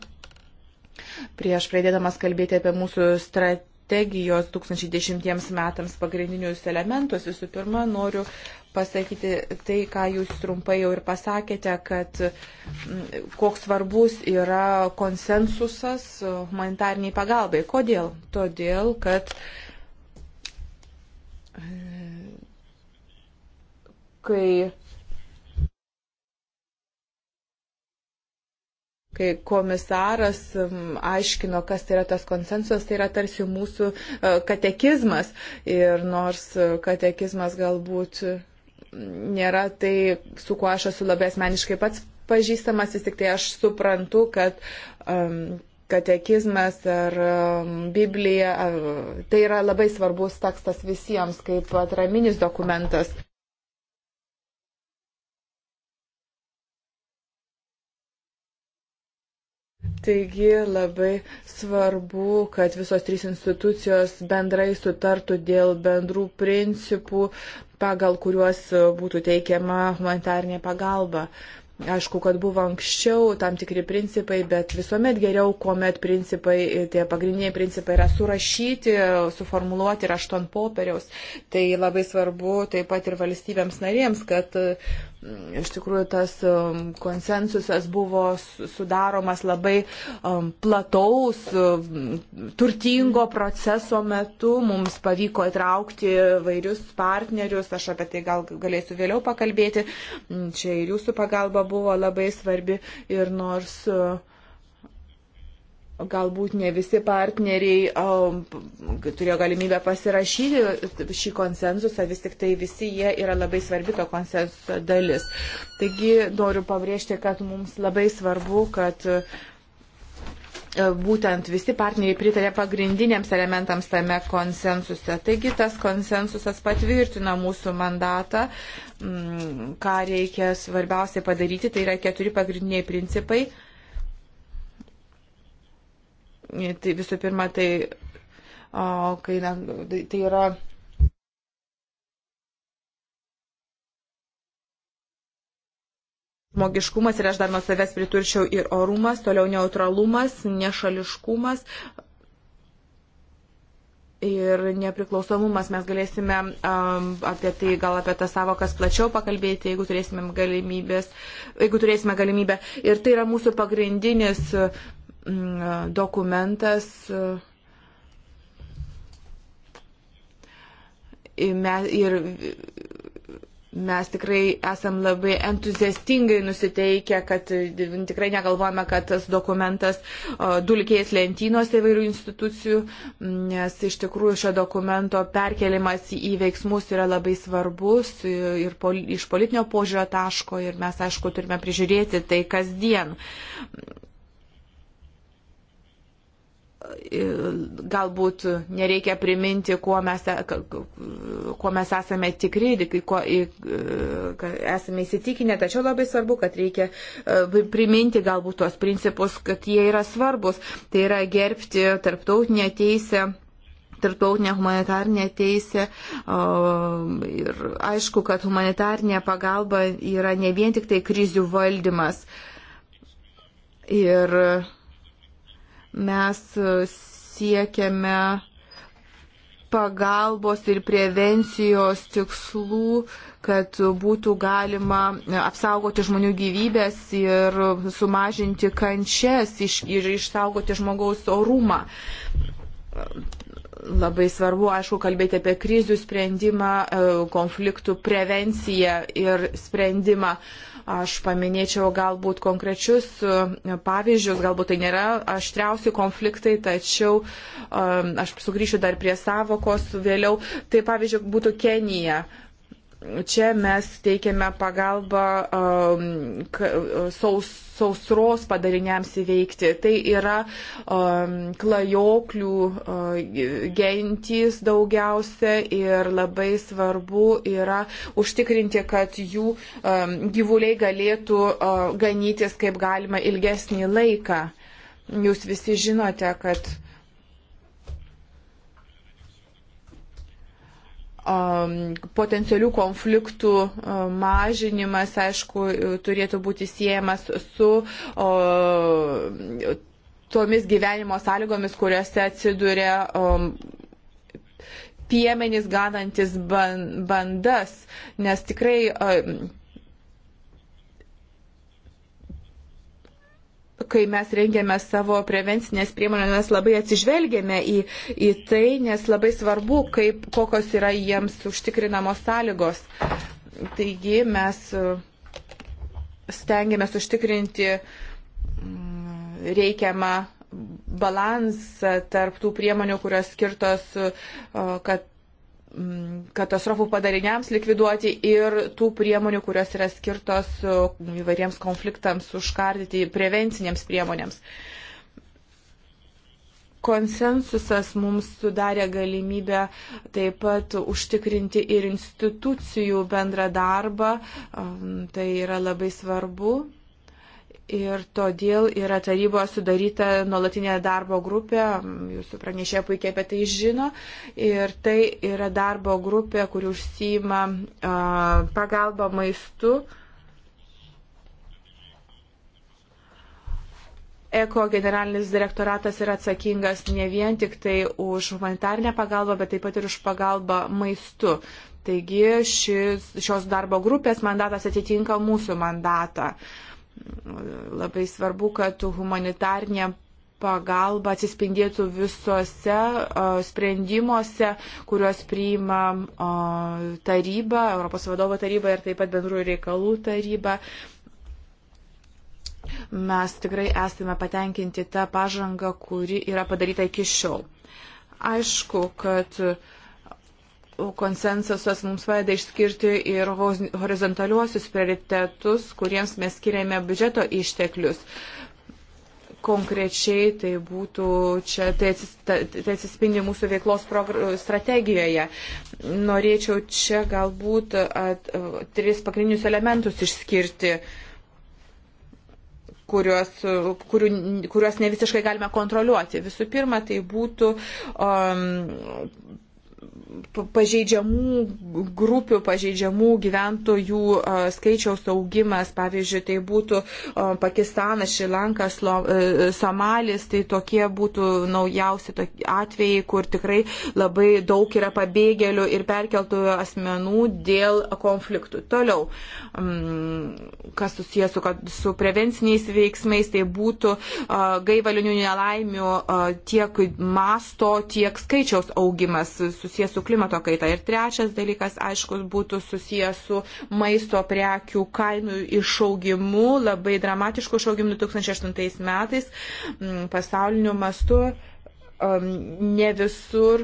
Prieš pradėdamas kalbėti apie mūsų strategijos 2010 metams pagrindinius elementus, visų pirma, noriu pasakyti tai, ką jūs trumpai jau ir pasakėte, kad mm, koks svarbus yra konsensusas humanitarniai pagalbai. Kodėl? Todėl, kad e, kai kai komisaras aiškino, kas tai yra tas konsensus, tai yra tarsi mūsų e, katekizmas. Ir nors e, katekizmas galbūt nėra tai, su kuo aš esu labai asmeniškai pats pažįstamas, vis tik tai aš suprantu, kad um, katekizmas ar um, Biblija, ar, tai yra labai svarbus tekstas visiems kaip atraminis dokumentas. Taigi labai svarbu, kad visos trys institucijos bendrai sutartų dėl bendrų principų, pagal kuriuos būtų teikiama humanitarnė pagalba. Aišku, kad buvo anksčiau tam tikri principai, bet visuomet geriau, kuomet principai, tie pagrindiniai principai yra surašyti, suformuluoti raštu ant popieriaus. Tai labai svarbu taip pat ir valstybėms narėms, kad iš tikrųjų tas um, konsensusas buvo sudaromas labai um, plataus, um, turtingo proceso metu. Mums pavyko įtraukti vairius partnerius, aš apie tai gal galėsiu vėliau pakalbėti. Mm, čia ir jūsų pagalba buvo labai svarbi ir nors uh, galbūt ne visi partneriai um, turėjo galimybę pasirašyti šį konsensusą, vis tik tai visi jie yra labai svarbi to konsensuso dalis. Taigi noriu pabrėžti, kad mums labai svarbu, kad e, būtent visi partneriai pritarė pagrindiniams elementams tame konsensuse. Taigi tas konsensusas patvirtina mūsų mandatą, mm, ką reikia svarbiausiai padaryti, tai yra keturi pagrindiniai principai Tai visų pirma, tai, o, kai, na, tai, tai yra žmogiškumas ir aš dar nuo savęs priturčiau ir orumas, toliau neutralumas, nešališkumas ir nepriklausomumas. Mes galėsime um, apie tai, gal apie tas savokas plačiau pakalbėti, jeigu turėsime, jeigu turėsime galimybę. Ir tai yra mūsų pagrindinis Mm, dokumentas e, ir mes tikrai esam labai entuziastingai nusiteikę, kad tikrai negalvojame, kad tas dokumentas dulkės lentynose įvairių institucijų, nes iš tikrųjų šio dokumento perkelimas į veiksmus yra labai svarbus ir pol, iš politinio požiūrio taško ir mes, aišku, turime prižiūrėti tai kasdien galbūt nereikia priminti, kuo mes, e, kuo mes esame tikri, kuo esame įsitikinę, tačiau labai svarbu, kad reikia e, priminti galbūt tuos principus, kad jie yra svarbus. Tai yra gerbti tarptautinę teisę tarptautinė humanitarinė teisė. Ir aišku, kad humanitarinė pagalba yra ne vien tik tai krizių valdymas. Ir mes e, siekiame pagalbos ir prevencijos tikslų, kad būtų galima apsaugoti žmonių gyvybės ir sumažinti kančias ir išsaugoti žmogaus orumą. Labai svarbu, aišku, kalbėti apie krizių sprendimą, e, konfliktų prevenciją ir sprendimą. Uh, Aš paminėčiau galbūt konkrečius e, pavyzdžius, galbūt tai nėra aštriausi konfliktai, tačiau e, aš sugrįšiu dar prie savokos vėliau. Tai pavyzdžiui būtų Kenija. Čia mes teikiame pagalbą um, saus, sausros padariniams įveikti. Tai yra um, klajoklių um, gentys daugiausia ir labai svarbu yra užtikrinti, kad jų um, gyvuliai galėtų um, ganytis kaip galima ilgesnį laiką. Jūs visi žinote, kad uh, Um, potencialių konfliktų um, mažinimas, aišku, turėtų būti siejamas su o, um, tomis gyvenimo sąlygomis, kuriuose atsiduria o, piemenys ganantis bandas, nes tikrai o, kai mes rengėme savo prevencinės priemonės, mes labai atsižvelgėme į, į tai, nes labai svarbu, kaip, kokios yra jiems užtikrinamos sąlygos. Taigi mes e, stengiamės užtikrinti mm, reikiamą balansą tarp tų priemonių, kurios skirtos, e, kad Mm, katastrofų padariniams likviduoti ir tų priemonių, kurios yra skirtos mm, įvairiems konfliktams užkardyti prevencinėms priemonėms. Konsensusas mums sudarė galimybę taip pat užtikrinti ir institucijų bendrą darbą. Mm, tai yra labai svarbu. Ir todėl yra taryboje sudaryta nuolatinė darbo grupė, jūsų pranešė puikiai apie tai žino, ir tai yra darbo grupė, kuri užsima uh, pagalba maistu. Eko generalinis direktoratas yra atsakingas ne vien tik tai už humanitarnę pagalbą, bet taip pat ir už pagalbą maistu. Taigi šis, šios darbo grupės mandatas atitinka mūsų mandatą. Uh, Labai svarbu, kad humanitarnė pagalba atsispindėtų visuose sprendimuose, kuriuos priima taryba, Europos vadovo taryba ir taip pat bendrųjų reikalų taryba. Mes tikrai esame patenkinti tą pažangą, kuri yra padaryta iki šiol. Aišku, kad uh, konsensusas mums vaida išskirti ir horizontaliuosius prioritetus, kuriems mes skiriame biudžeto išteklius. Konkrečiai tai būtų čia, tai, tai atsispindi mūsų veiklos strategijoje. Norėčiau čia galbūt at, tris pagrindinius elementus išskirti kuriuos, kurių, kuriuos ne visiškai galime kontroliuoti. Visų pirma, tai būtų um, pažeidžiamų grupių, pažeidžiamų gyventojų skaičiaus augimas, pavyzdžiui, tai būtų Pakistanas, Šilanka, e, e, Somalis, tai tokie būtų naujausi atvejai, kur tikrai labai daug yra pabėgėlių ir perkeltųjų asmenų dėl konfliktų. Toliau, mm, kas susijęs su, su prevenciniais veiksmais, tai būtų gaivalinių nelaimių tiek masto, tiek skaičiaus augimas susijęs su su klimato kaita. Ir trečias dalykas, aišku, būtų susijęs su maisto prekių kainų išaugimu, labai dramatišku išaugimu 2008 metais mm, pasauliniu mastu. Um, ne visur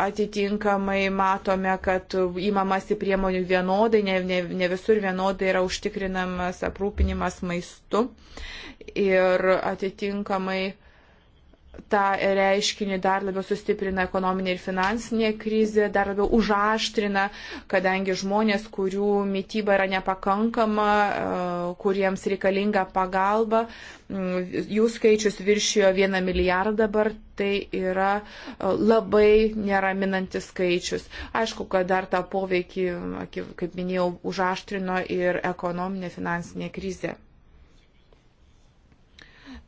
atitinkamai matome, kad įmamasi priemonių vienodai, ne, ne, ne visur vienodai yra užtikrinamas aprūpinimas maistu ir atitinkamai tą reiškinį dar labiau sustiprina ekonominė ir finansinė krizė, dar labiau užaštrina, kadangi žmonės, kurių mytyba yra nepakankama, e, kuriems reikalinga pagalba, mm, jų skaičius viršijo vieną milijardą dabar, tai yra e, labai neraminantis skaičius. Aišku, kad dar tą poveikį, kaip minėjau, užaštrino ir ekonominė finansinė krizė.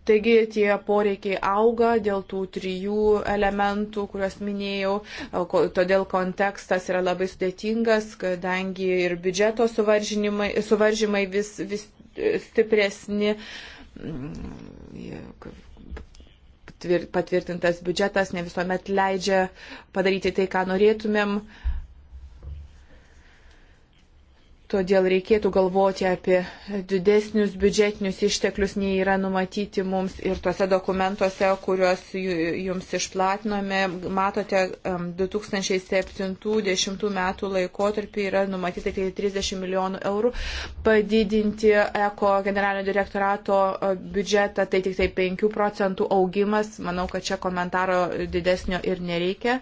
Taigi tie poreikiai auga dėl tų trijų elementų, kuriuos minėjau, todėl kontekstas yra labai sudėtingas, kadangi ir biudžeto suvaržymai vis, vis stipresni mm, patvirtintas biudžetas ne visuomet leidžia padaryti tai, ką norėtumėm. Uh, Todėl reikėtų galvoti apie didesnius biudžetinius išteklius, nei yra numatyti mums ir tuose dokumentuose, kuriuos jums išplatinome. Matote, 2007-2010 metų laikotarpį yra numatyta tik 30 tai milijonų eurų padidinti ECO generalinio direktorato e, biudžetą, tai tik tai 5 procentų augimas. Manau, kad čia komentaro didesnio ir nereikia.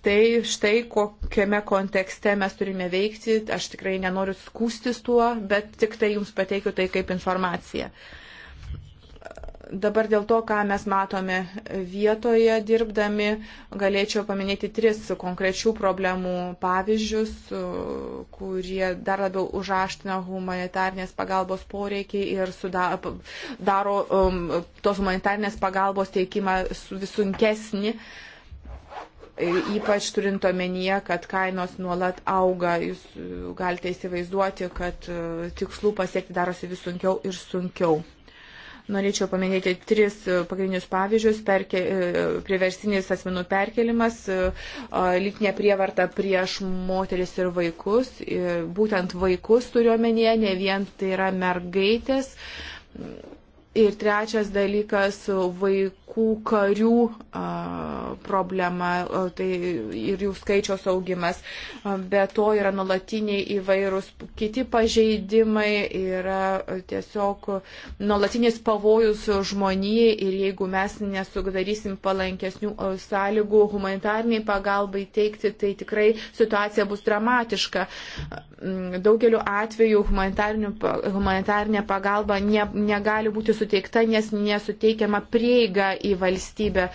Tai štai kokiame kontekste mes turime veikti, aš tikrai nenoriu skūstis tuo, bet tik tai jums pateikiu tai kaip informaciją. Dabar dėl to, ką mes matome vietoje dirbdami, galėčiau paminėti tris konkrečių problemų pavyzdžius, kurie dar labiau užaština humanitarnės pagalbos poreikį ir sudaro um, tos humanitarnės pagalbos teikimą visunkesnį. Uh, E, ypač turint omenyje, kad kainos nuolat auga, jūs e, galite įsivaizduoti, kad e, tikslų pasiekti darosi vis sunkiau ir sunkiau. Norėčiau paminėti tris pagrindinius pavyzdžius. Perke, priversinis asmenų perkelimas, lytinė prievarta prieš moteris ir vaikus. Būtent vaikus turiuomenėje, ne vien tai yra mergaitės Ir trečias dalykas - vaikų karių a, problema a, tai ir jų skaičiaus augimas. A, be to yra nulatiniai įvairūs kiti pažeidimai, yra tiesiog nulatinis pavojus žmonijai ir jeigu mes nesugdarysim palankesnių sąlygų humanitarniai pagalbai teikti, tai tikrai situacija bus dramatiška. Daugeliu atveju humanitarnė pagalba ne, negali būti suteikta, nes nesuteikiama prieiga į valstybę.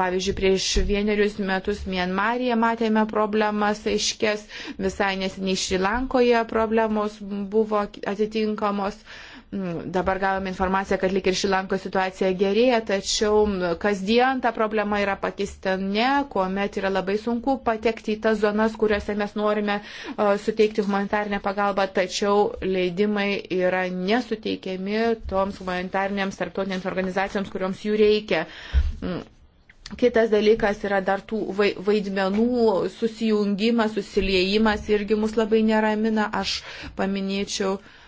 Pavyzdžiui, prieš vienerius metus Mienmarija matėme problemas aiškės, visai nesiniai Šrilankoje problemos buvo atitinkamos. Uh, Nu, dabar gavome informaciją, kad lik ir Šilanko situacija gerėja, tačiau kasdien ta problema yra Pakistane, kuomet yra labai sunku patekti į tas zonas, kuriuose mes norime uh, suteikti humanitarnę pagalbą, tačiau leidimai yra nesuteikiami toms humanitarnėms tarptautinėms organizacijoms, kuriuoms jų reikia. Mm. Kitas dalykas yra dar tų vaidmenų susijungimas, susiliejimas irgi mus labai neramina. Aš paminėčiau uh,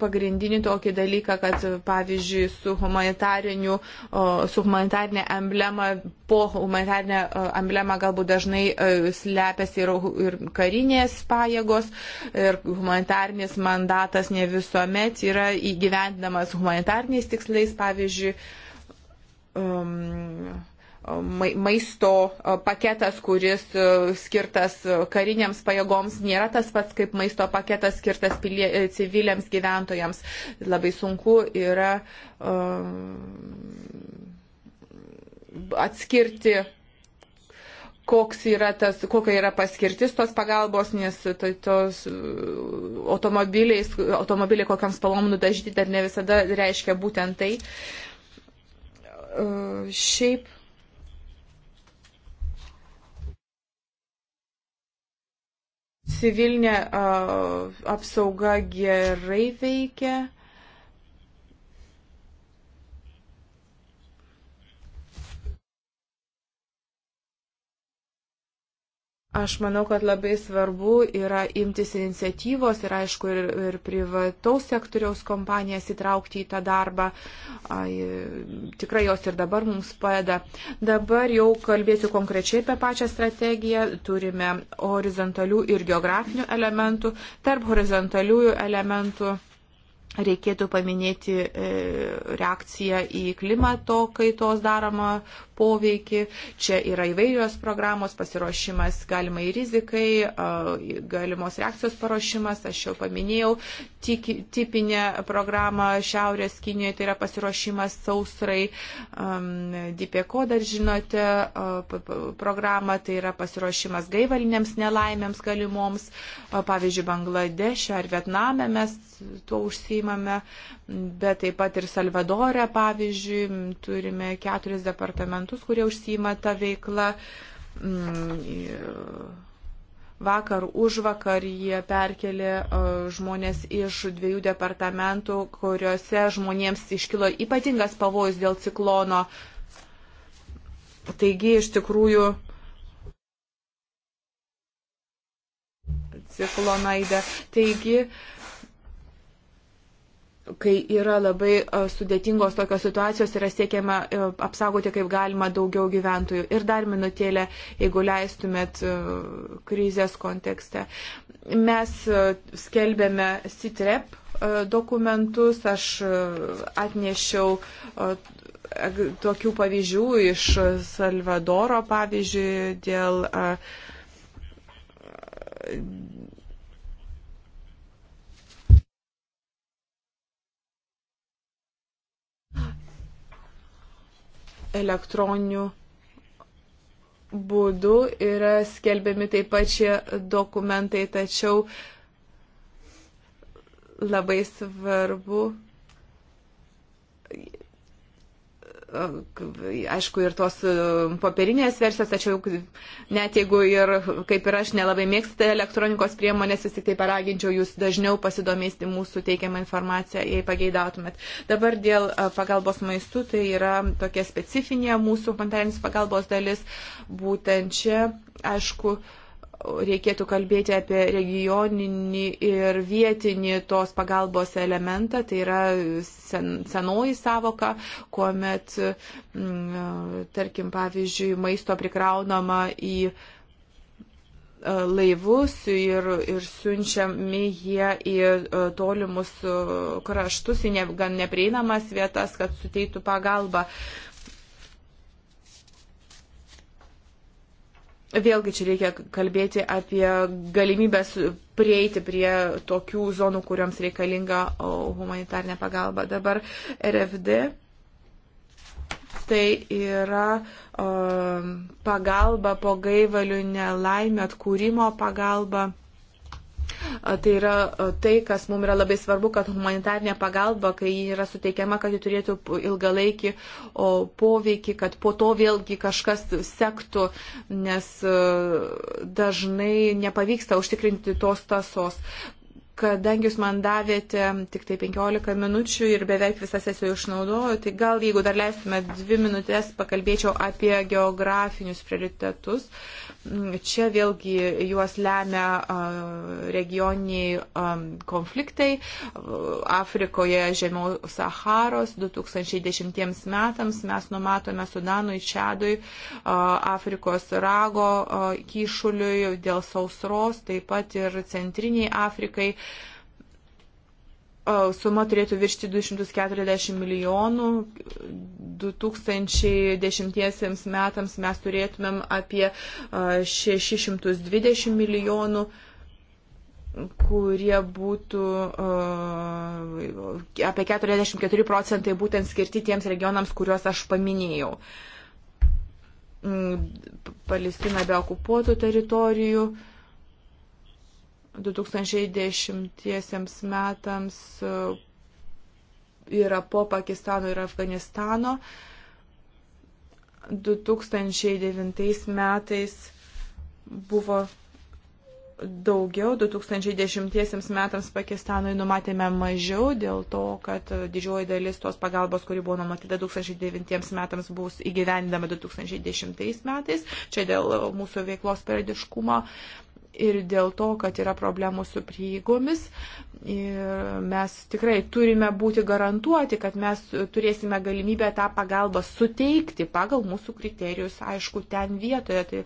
pagrindinį tokį dalyką, kad pavyzdžiui su, su humanitarinė emblema, po humanitarinė emblema galbūt dažnai e, slepiasi ir, ir karinės pajėgos ir humanitarinis mandatas ne visuomet yra įgyvendinamas humanitariniais tikslais, pavyzdžiui. Um, maisto paketas, kuris skirtas kariniams pajėgoms, nėra tas pats kaip maisto paketas skirtas pilie, e, civiliams gyventojams. Labai sunku yra atskirti koks yra tas, kokia yra paskirtis tos pagalbos, nes tai tos e, automobiliai, automobiliai kokiam spalvom nudažyti dar ne visada reiškia būtent tai. Šiaip civilinė apsauga gerai veikia. Aš manau, kad labai svarbu yra imtis iniciatyvos ir aišku ir, ir privataus sektoriaus kompanijas įtraukti į tą darbą. Ai, tikrai jos ir dabar mums padeda. Dabar jau kalbėsiu konkrečiai apie pačią strategiją. Turime horizontalių ir geografinių elementų, tarp horizontaliųjų elementų reikėtų paminėti e, reakciją į klimato kaitos daromą poveikį. Čia yra įvairios programos, pasiruošimas galimai rizikai, galimos reakcijos paruošimas. Aš jau paminėjau tik, tipinę programą Šiaurės Kinijoje, tai yra pasiruošimas sausrai. Dipeko dar žinote programą, tai yra pasiruošimas gaivalinėms nelaimėms galimoms. Pavyzdžiui, Bangladeše ar Vietname mes tuo užsijimame priimame, bet taip pat ir Salvadorė, pavyzdžiui, turime keturis departamentus, kurie užsima tą veiklą. Mm, vakar už vakar jie perkelė e, žmonės iš dviejų departamentų, kuriuose žmonėms iškilo ypatingas pavojus dėl ciklono. Taigi iš tikrųjų ciklonaide. Taigi kai yra labai sudėtingos tokios situacijos, yra siekiama e, apsaugoti kaip galima daugiau gyventojų. Ir dar minutėlę, jeigu leistumėt e, krizės kontekste. Mes e, skelbėme CITREP dokumentus, aš atnešiau tokių pavyzdžių iš Salvadoro, pavyzdžiui, dėl elektroniniu būdu yra skelbiami taip pat šie dokumentai, tačiau labai svarbu aišku, ir tos e, popierinės versijos, tačiau net jeigu ir, kaip ir aš, nelabai mėgstate elektronikos priemonės, vis tik tai paraginčiau jūs dažniau pasidomėsti mūsų teikiamą informaciją, jei pageidautumėt. Dabar dėl e, pagalbos maistų, tai yra tokia specifinė mūsų humanitarinis pagalbos dalis, būtent čia, aišku, uh, reikėtų kalbėti apie regioninį ir vietinį tos pagalbos elementą, tai yra sen, senoji savoka, kuomet, m, mm, tarkim, pavyzdžiui, maisto prikraunama į e, laivus ir, ir siunčiami jie į e, tolimus e, kraštus, į ne, gan neprieinamas vietas, kad suteiktų pagalbą. Vėlgi čia reikia kalbėti apie galimybės prieiti prie tokių zonų, kuriuoms reikalinga humanitarnė pagalba. Dabar RFD tai yra um, pagalba po gaivalių nelaimė, atkūrimo pagalba. Tai yra tai, kas mums yra labai svarbu, kad humanitarnė pagalba, kai ji yra suteikiama, kad ji turėtų ilgalaikį poveikį, kad po to vėlgi kažkas sektų, nes dažnai nepavyksta užtikrinti tos tasos kadangi jūs man davėte tik tai 15 minučių ir beveik visas jas jau išnaudojau, tai gal jeigu dar leistumėt dvi minutės, pakalbėčiau apie geografinius prioritetus. Mm, čia vėlgi juos lemia regioniniai konfliktai. Afrikoje žemiau Saharos 2010 metams mes numatome Sudanui, Čadui, Afrikos rago kyšuliui dėl sausros, taip pat ir centriniai Afrikai suma turėtų viršti 240 milijonų. 2010 metams mes turėtumėm apie 620 milijonų kurie būtų uh, apie 44 procentai būtent skirti tiems regionams, kuriuos aš paminėjau. Mm, Palestina be okupuotų teritorijų. Uh, 2010 metams e, yra po Pakistano ir Afganistano. 2009 metais buvo daugiau, 2010 metams Pakistanui numatėme mažiau dėl to, kad didžioji dalis tos pagalbos, kuri buvo numatyta 2009 metams, bus įgyvendama 2010 metais. Čia dėl mūsų veiklos periodiškumo ir dėl to, kad yra problemų su prieigomis. Ir mes tikrai turime būti garantuoti, kad mes turėsime galimybę tą pagalbą suteikti pagal mūsų kriterijus, aišku, ten vietoje. Tai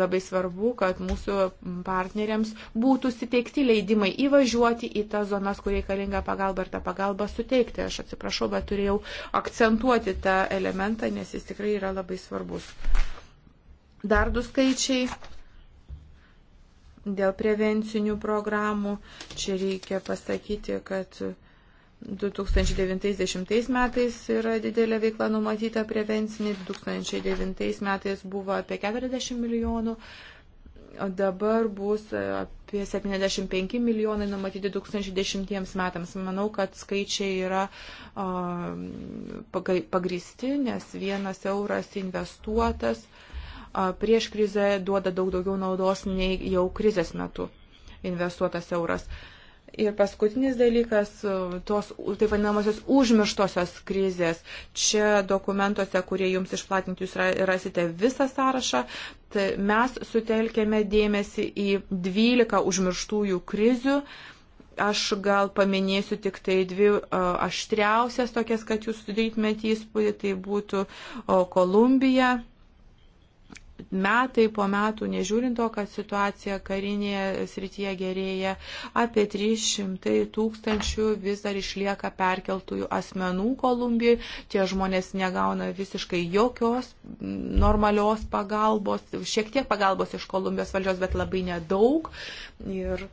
labai svarbu, kad mūsų partneriams būtų suteikti leidimai įvažiuoti į tas zonas, kur reikalinga pagalba ir tą pagalbą suteikti. Aš atsiprašau, bet turėjau akcentuoti tą elementą, nes jis tikrai yra labai svarbus. Dar du skaičiai dėl prevencinių programų. Čia reikia pasakyti, kad 2090 metais yra didelė veikla numatyta prevencinė, 2009 metais buvo apie 40 milijonų, o dabar bus apie 75 milijonai numatyti 2010 metams. Manau, kad skaičiai yra o, pagristi, nes vienas euras investuotas o, prieš krizę duoda daug daugiau naudos nei jau krizės metu investuotas euras. Ir paskutinis dalykas, tos taip vadinamosios užmirštosios krizės. Čia dokumentuose, kurie jums išplatinti, jūs rasite visą sąrašą. Tai mes sutelkėme dėmesį į 12 užmirštųjų krizių. Aš gal paminėsiu tik tai dvi aštriausias tokias, kad jūs sudarytumėte įspūdį. Tai būtų Kolumbija metai po metų, nežiūrint to, kad situacija karinėje srityje gerėja, apie 300 tūkstančių vis dar išlieka perkeltųjų asmenų Kolumbijoje. Tie žmonės negauna visiškai jokios normalios pagalbos, šiek tiek pagalbos iš Kolumbijos valdžios, bet labai nedaug. Ir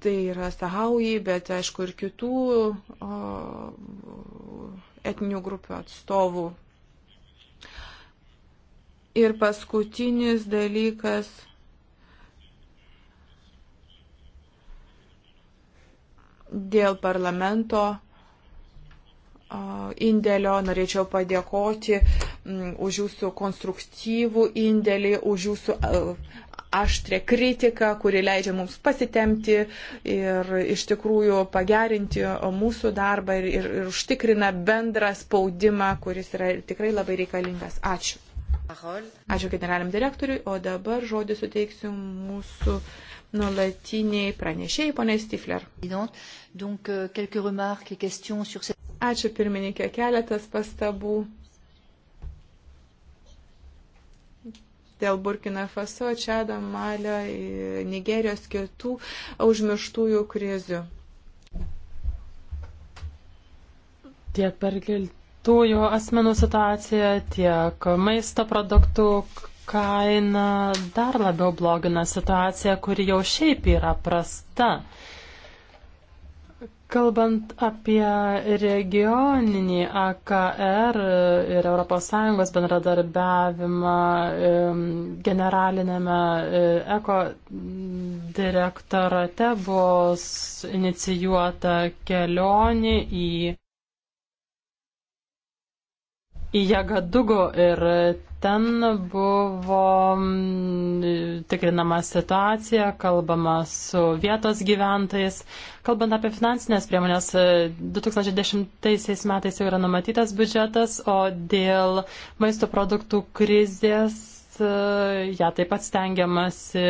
tai yra Sahaujai, bet aišku ir kitų o, etinių grupių atstovų Ir paskutinis dalykas. Dėl parlamento indėlio norėčiau padėkoti už jūsų konstruktyvų indėlį, už jūsų aštrę kritiką, kuri leidžia mums pasitemti ir iš tikrųjų pagerinti mūsų darbą ir, ir, ir užtikrina bendrą spaudimą, kuris yra tikrai labai reikalingas. Ačiū. Ačiū generaliniam direktoriui, o dabar žodį suteiksiu mūsų nuolatiniai pranešėjai, ponė Stifler. Euh, Ačiū pirmininkė, keletas pastabų. dėl Burkina Faso, Čado, Malio, Nigerijos kitų užmirštųjų krizių. Tiek perkelti tųjų asmenų situacija, tiek maisto produktų kaina dar labiau blogina situaciją, kuri jau šiaip yra prasta. Kalbant apie regioninį AKR ir ES bendradarbiavimą generalinėme e, eko direktorate bus inicijuota kelionė į į Jagadugu ir ten buvo mm, tikrinama situacija, kalbama su vietos gyventojais. Kalbant apie finansinės priemonės, 2010 e, metais jau yra numatytas biudžetas, o dėl maisto produktų krizės e, ją ja, taip pat stengiamasi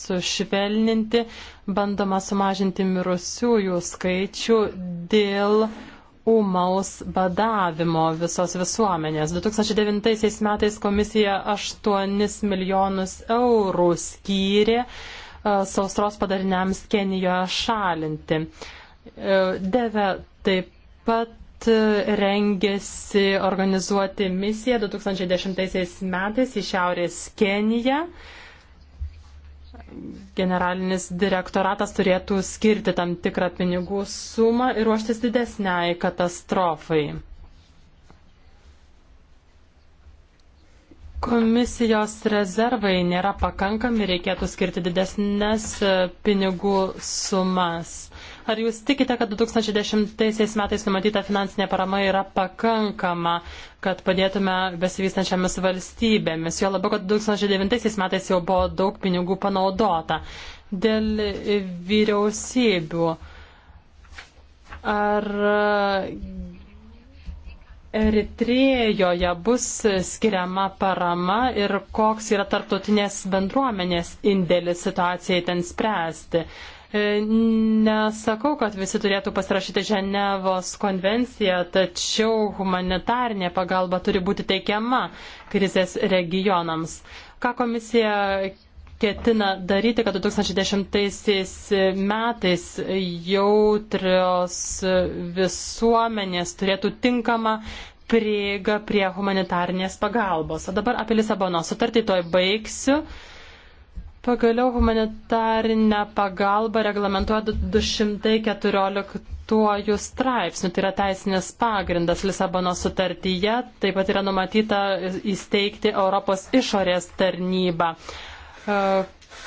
sušvelninti, bandoma sumažinti mirusiųjų skaičių dėl uh, ūmaus badavimo visos visuomenės. 2009 metais komisija 8 milijonus eurų skyrė e, sausros padariniams Kenijoje šalinti. E, Deve taip pat e, rengėsi organizuoti misiją 2010 metais į Šiaurės Keniją generalinis direktoratas turėtų skirti tam tikrą pinigų sumą ir ruoštis didesniai katastrofai. Komisijos rezervai nėra pakankami, reikėtų skirti didesnės pinigų sumas. Ar jūs tikite, kad 2010 metais numatyta finansinė parama yra pakankama, kad padėtume besivystančiamis valstybėmis? Jo labiau, kad 2009 metais jau buvo daug pinigų panaudota. Dėl vyriausybių. Ar Eritrėjoje bus skiriama parama ir koks yra tarptautinės bendruomenės indėlis situacijai ten spręsti. E, nesakau, kad visi turėtų pasirašyti Ženevos konvenciją, tačiau humanitarnė pagalba turi būti teikiama krizės regionams. Ką komisija ketina daryti, kad 2010 metais jautrios visuomenės turėtų tinkamą prieigą prie humanitarnės pagalbos. O dabar apie Lisabono sutartį toj baigsiu. Pagaliau humanitarinę pagalbą reglamentuoja 214 straipsnių, tai yra teisinės pagrindas Lisabono sutartyje, taip pat yra numatyta įsteigti Europos išorės tarnybą. E,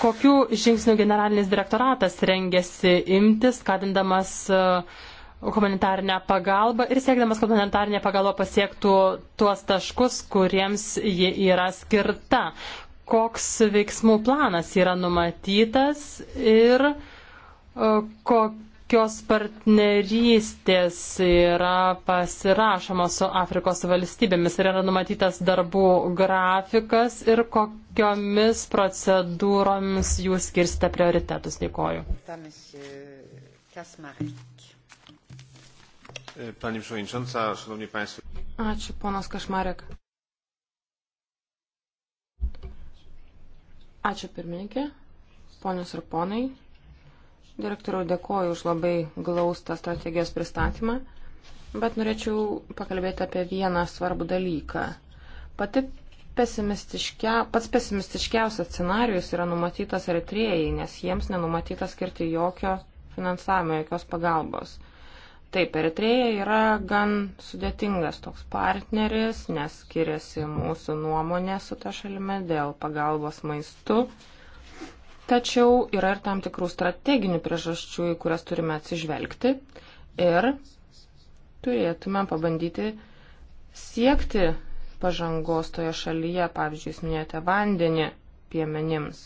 kokių žingsnių generalinis direktoratas rengėsi imtis, skatindamas e, humanitarinę pagalbą ir siekdamas, kad humanitarinė pagalba pasiektų tuos taškus, kuriems ji yra skirta? koks veiksmų planas yra numatytas ir e, kokios partnerystės yra pasirašomos su Afrikos valstybėmis ir yra numatytas darbų grafikas ir kokiomis procedūromis jūs skirsite prioritetus. Dėkoju. E, pani Przewodnicząca, Szanowni Państwo. Ačiū, ponas Kašmarek. Ačiū pirmininkė, ponios ir ponai. Direktoriau, dėkoju už labai glaustą strategijos pristatymą, bet norėčiau pakalbėti apie vieną svarbų dalyką. Pati pesimistiškia, pats pesimistiškiausias scenarius yra numatytas Eritrėjai, nes jiems nenumatyta skirti jokio finansavimo, jokios pagalbos. Taip, Eritreja yra gan sudėtingas toks partneris, nes skiriasi mūsų nuomonė su ta šalime dėl pagalbos maistu. Tačiau yra ir tam tikrų strateginių priežasčių, į kurias turime atsižvelgti ir turėtume pabandyti siekti pažangos toje šalyje, pavyzdžiui, jūs minėjote vandenį piemenims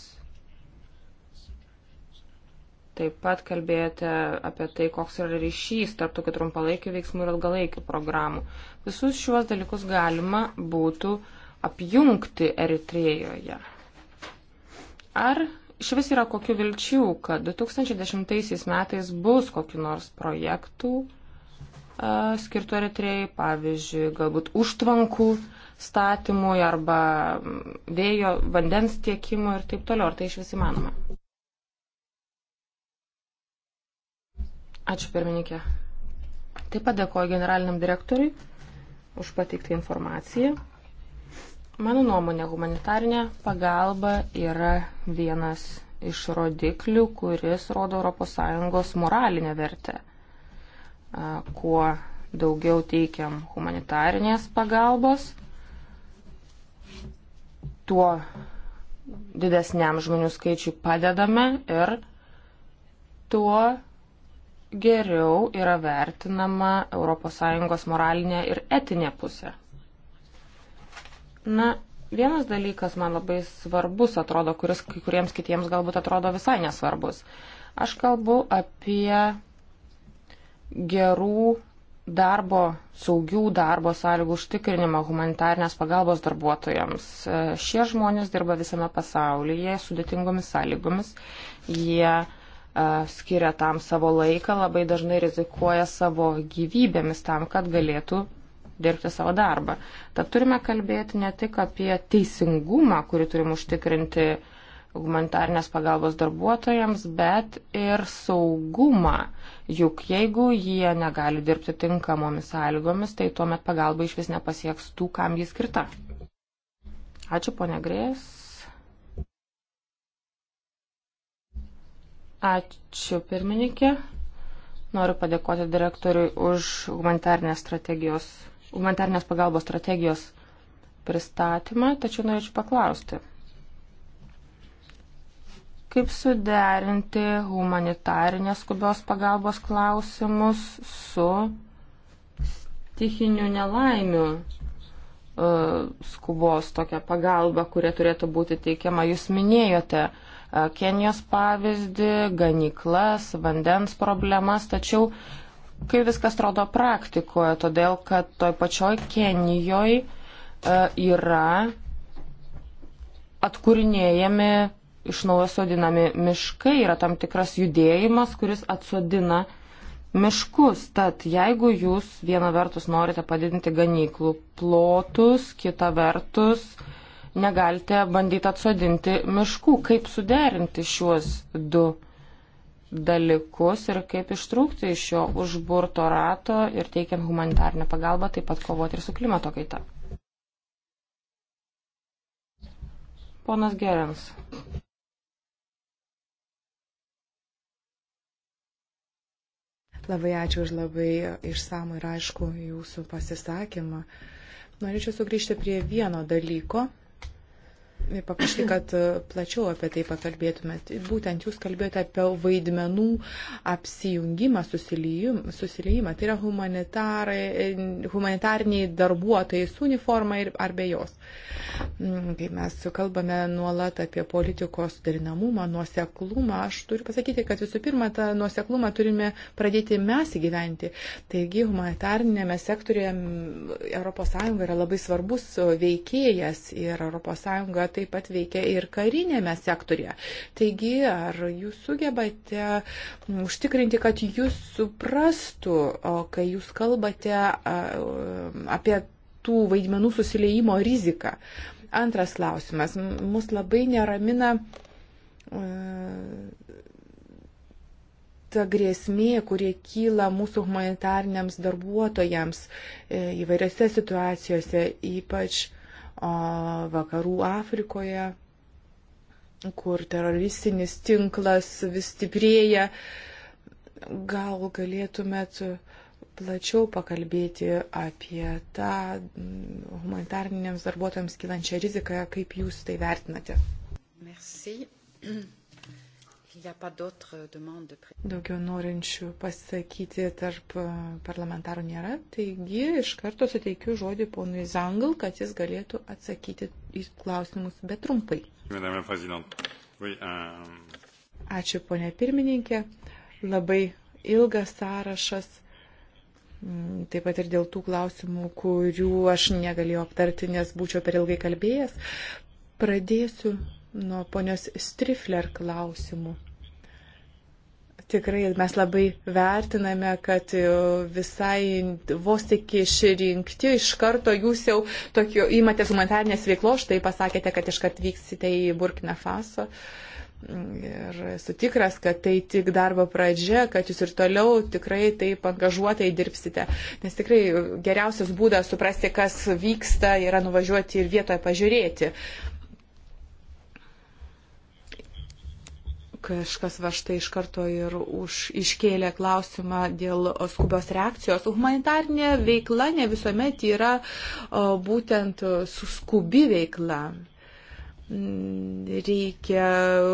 Taip pat kalbėjote apie tai, koks yra ryšys tarp tokių trumpalaikių veiksmų ir ilgalaikių programų. Visus šiuos dalykus galima būtų apjungti Eritrėjoje. Ar iš vis yra kokių vilčių, kad 2010 metais bus kokiu nors projektų uh, skirtų Eritrėjai, pavyzdžiui, galbūt užtvankų statymui arba vėjo vandens tiekimui ir taip toliau. Ar tai iš vis įmanoma? Ačiū pirmininkė. Taip pat dėkoju generaliniam direktoriui už pateiktą informaciją. Mano nuomonė, humanitarinė pagalba yra vienas iš rodiklių, kuris rodo ES moralinę vertę. Kuo daugiau teikiam humanitarinės pagalbos, tuo didesniam žmonių skaičiui padedame ir tuo geriau yra vertinama ES moralinė ir etinė pusė. Na, vienas dalykas man labai svarbus atrodo, kuris kai kuriems kitiems galbūt atrodo visai nesvarbus. Aš kalbu apie gerų darbo, saugių darbo sąlygų užtikrinimą humanitarnės pagalbos darbuotojams. Šie žmonės dirba visame pasaulyje sudėtingomis sąlygomis. Jie skiria tam savo laiką, labai dažnai rizikuoja savo gyvybėmis tam, kad galėtų dirbti savo darbą. Tad turime kalbėti ne tik apie teisingumą, kurį turim užtikrinti humanitarnės pagalbos darbuotojams, bet ir saugumą. Juk jeigu jie negali dirbti tinkamomis sąlygomis, tai tuomet pagalba iš vis nepasieks tų, kam jis skirta. Ačiū, ponia Grės. Ačiū pirmininkė. Noriu padėkoti direktoriui už humanitarnės, humanitarnės pagalbos strategijos pristatymą, tačiau norėčiau paklausti. Kaip suderinti humanitarinės skubios pagalbos klausimus su stichinių nelaimių e, skubos tokia pagalba, kuria turėtų būti teikiama. Jūs minėjote uh, Kenijos pavyzdį, ganiklas, vandens problemas, tačiau kai viskas atrodo praktikoje, todėl kad toj pačioj Kenijoje yra atkurinėjami iš naujo sodinami miškai, yra tam tikras judėjimas, kuris atsodina miškus. Tad jeigu jūs viena vertus norite padidinti ganyklų plotus, kita vertus uh, negalite bandyti atsodinti miškų. Kaip suderinti šiuos du dalykus ir kaip ištrūkti iš šio užburto rato ir teikiant humanitarnę pagalbą, taip pat kovoti ir su klimato kaita. Ponas Gerens. Labai ačiū už labai išsamų ir aišku jūsų pasisakymą. Norėčiau sugrįžti prie vieno dalyko, ir paprašyti, kad e, plačiau apie tai pakalbėtumėt. Būtent jūs kalbėjote apie vaidmenų apsijungimą, susilijimą. Tai yra e, humanitariniai darbuotojai su uniforma ir, ar be jos. Mm, kai mes kalbame nuolat apie politikos darinamumą, nuoseklumą, aš turiu pasakyti, kad visų pirma, tą nuoseklumą turime pradėti mes įgyventi. Taigi, humanitarinėme sektorėje mm, ES yra labai svarbus veikėjas ir ES taip pat veikia ir karinėme sektorėje. Taigi, ar jūs sugebate užtikrinti, kad jūs suprastų, kai jūs kalbate apie tų vaidmenų susileimo riziką? Antras klausimas. Mus labai neramina e, ta grėsmė, kurie kyla mūsų humanitarniams darbuotojams e, įvairiose situacijose, ypač vakarų Afrikoje, kur teroristinis tinklas vis stiprėja. Gal galėtumėt plačiau pakalbėti apie tą mm, humanitariniams darbuotojams kilančią riziką, kaip jūs tai vertinate? Merci. Daugiau norinčių pasakyti tarp e, parlamentarų nėra, taigi iš karto suteikiu žodį ponui Zangal, kad jis galėtų atsakyti į klausimus, bet trumpai. Euh, Ačiū, ponė pirmininkė. Labai ilgas sąrašas. Mm, taip pat ir dėl tų klausimų, kurių aš negalėjau aptarti, nes būčiau per ilgai kalbėjęs. Pradėsiu nuo ponios Strifler klausimų. Tikrai mes labai vertiname, kad e, visai vos tik išrinkti iš karto jūs jau tokio įmatės humanitarnės veiklos, štai pasakėte, kad iškart vyksite į Burkina Faso. Ir esu tikras, kad tai tik darbo pradžia, kad jūs ir toliau tikrai taip angažuotai dirbsite. Nes tikrai geriausias būdas suprasti, kas vyksta, yra nuvažiuoti ir vietoje pažiūrėti. kažkas va štai iš karto ir už, iškėlė klausimą dėl skubios reakcijos. Humanitarinė veikla ne visuomet yra o, būtent suskubi veikla reikia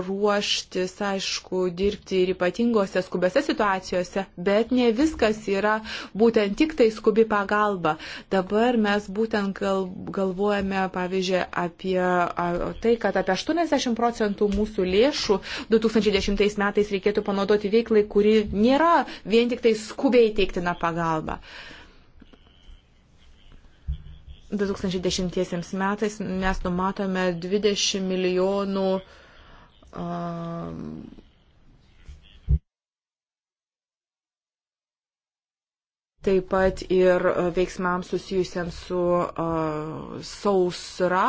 ruoštis, aišku, dirbti ir ypatingose skubiose situacijose, bet ne viskas yra būtent tik tai skubi pagalba. Dabar mes būtent gal, galvojame, pavyzdžiui, apie a, tai, kad apie 80 procentų mūsų lėšų 2010 metais reikėtų panaudoti veiklai, kuri nėra vien tik tai skubiai teiktina pagalba. Uh, 2010 metais mes numatome 20 milijonų um, taip pat ir veiksmams susijusiams su uh, sausra.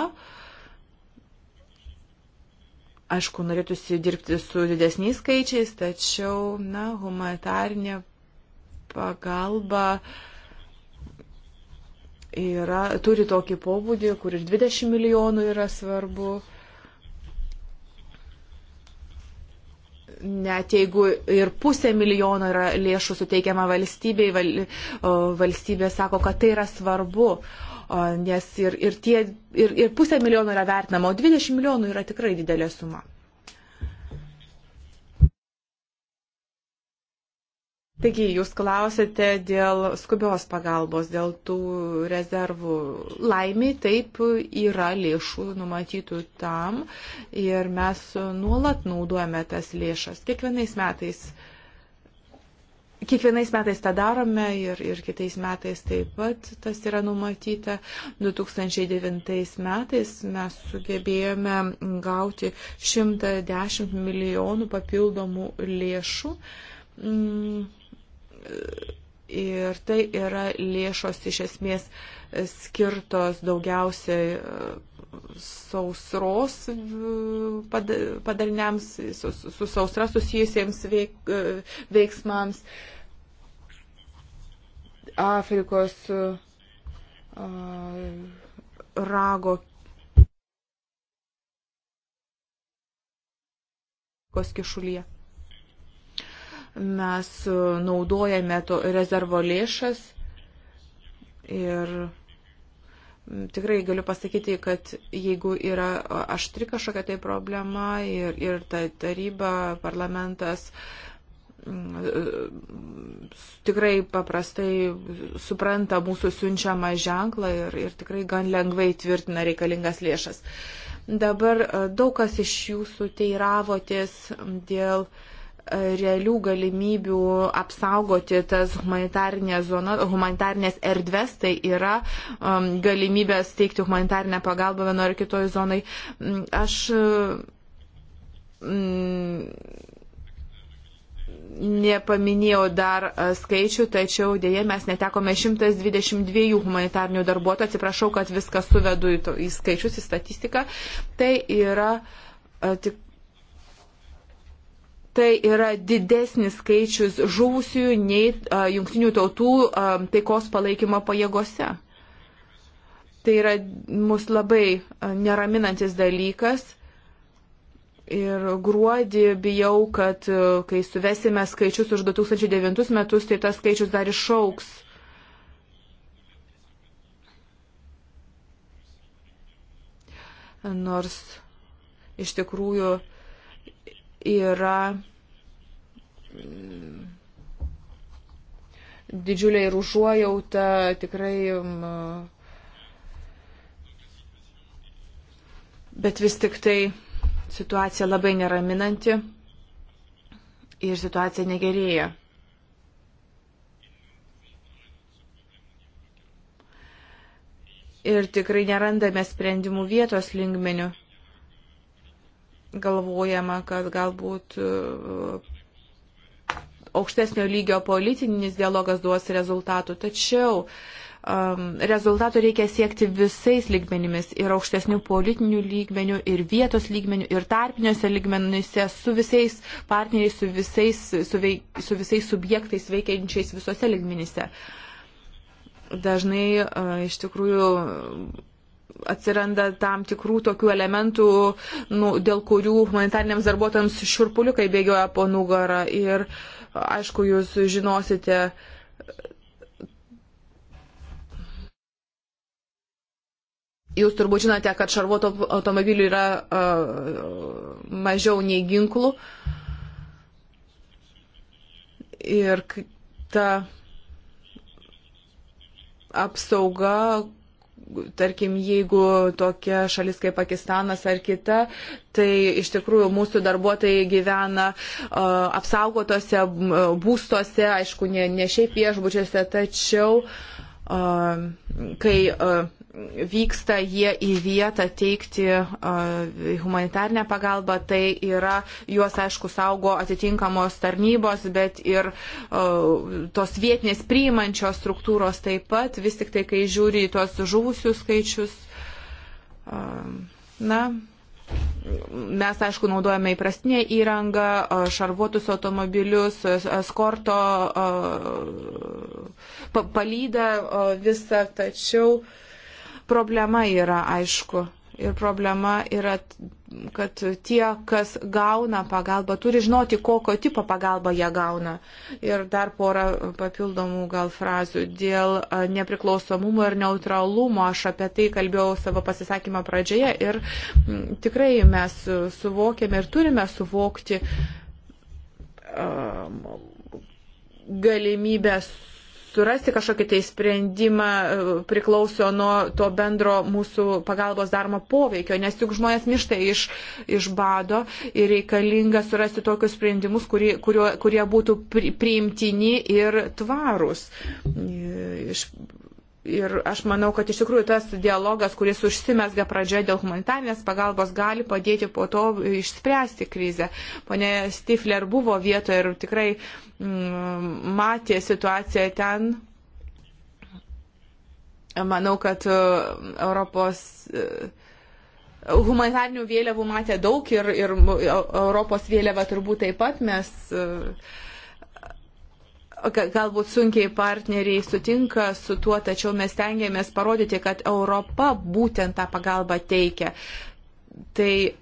Aišku, norėtųsi dirbti su didesniais skaičiais, tačiau, na, humanitarnė pagalba uh, yra, turi tokį pobūdį, kur ir 20 milijonų yra svarbu. Net jeigu ir pusė milijono yra lėšų suteikiama valstybei, val, valstybė sako, kad tai yra svarbu, nes ir, ir, tie, ir, ir pusė milijono yra vertinama, o 20 milijonų yra tikrai didelė suma. Taigi, jūs klausėte dėl skubios pagalbos, dėl tų rezervų. Laimiai taip yra lėšų numatytų tam ir mes nuolat naudojame tas lėšas. Kiekvienais metais, kiekvienais metais tą darome ir, ir kitais metais taip pat tas yra numatyta. 2009 metais mes sugebėjome gauti 110 milijonų papildomų lėšų. Mm Ir tai yra lėšos iš esmės skirtos daugiausiai e, sausros e, padariniams, su, su sausra susijusiems veik, e, veiksmams Afrikos rago kišulyje mes naudojame to rezervo lėšas ir tikrai galiu pasakyti, kad jeigu yra aštri kažkokia tai problema ir, ir ta taryba, parlamentas tikrai paprastai supranta mūsų siunčiamą ženklą ir, ir tikrai gan lengvai tvirtina reikalingas lėšas. Dabar e, daug kas iš jūsų teiravotės dėl uh, realių galimybių apsaugoti tas humanitarnės, zona, humanitarnės erdves, tai yra um, galimybės teikti humanitarnę pagalbą vienoje ar kitoje zonai. Mm, aš mm, nepaminėjau dar skaičių, tačiau dėje mes netekome 122 humanitarnių darbuotojų. Atsiprašau, kad viską suvedu į, to, į skaičius, į statistiką. Tai yra tik tai yra didesnis skaičius žuvusiųjų nei jungtinių tautų taikos palaikymo pajėgose. Tai yra mus labai neraminantis dalykas. Ir gruodį bijau, kad kai suvesime skaičius už 2009 metus, tai tas skaičius dar išauks. Nors iš tikrųjų yra mm, didžiulė ir užuojauta, tikrai. Mm, bet vis tik tai situacija labai neraminanti ir situacija negerėja. Ir tikrai nerandame sprendimų vietos lingmenių galvojama, kad galbūt e, aukštesnio lygio politinis dialogas duos rezultatų, tačiau um, rezultatų reikia siekti visais lygmenimis ir aukštesnių politinių lygmenių, ir vietos lygmenių, ir tarpiniuose lygmenyse su visais partneriais, su visais, su, veik, su visais subjektais veikiančiais visose lygmenyse. Dažnai uh, iš tikrųjų atsiranda tam tikrų tokių elementų, nu, dėl kurių humanitariniams darbuotojams šurpuliukai bėgioja po nugarą. Ir aišku, jūs žinosite. Jūs turbūt žinote, kad šarvuotų automobilių yra uh, mažiau nei ginklų. Ir ta apsauga, tarkim, jeigu tokia šalis kaip Pakistanas ar kita, tai iš tikrųjų mūsų darbuotojai gyvena apsaugotose būstuose, aišku, ne, ne šiaip viešbučiuose, tačiau kai vyksta jie į vietą teikti humanitarnę pagalbą, tai yra juos, aišku, saugo atitinkamos tarnybos, bet ir tos vietinės priimančios struktūros taip pat, vis tik tai, kai žiūri į tuos žuvusių skaičius, na, Mes, aišku, naudojame įprastinę įrangą, šarvuotus automobilius, eskorto palydą visą, tačiau uh, Problema yra aišku. Ir problema yra, kad tie, kas gauna pagalbą, turi žinoti, kokio tipo pagalbą jie gauna. Ir dar porą papildomų gal frazių dėl nepriklausomumo ir neutralumo. Aš apie tai kalbėjau savo pasisakymą pradžioje ir tikrai mes suvokėme ir turime suvokti galimybę surasti kažkokį tai sprendimą e, priklauso nuo to bendro mūsų pagalbos darmo poveikio, nes juk žmonės miršta iš, iš bado ir reikalinga surasti tokius sprendimus, kurie, kurio, kurie būtų priimtini ir tvarūs. E, iš Ir aš manau, kad iš tikrųjų tas dialogas, kuris užsimesga pradžioje dėl humanitarnės pagalbos, gali padėti po to išspręsti krizę. Pone Stifler buvo vietoje ir tikrai mm, matė situaciją ten. Manau, kad mm, Europos mm, humanitarnių vėliavų matė daug ir, ir mm, Europos vėliava turbūt taip pat mes. Uh, galbūt sunkiai partneriai sutinka su tuo, tačiau mes tengiamės parodyti, kad Europa būtent tą pagalbą teikia. Tai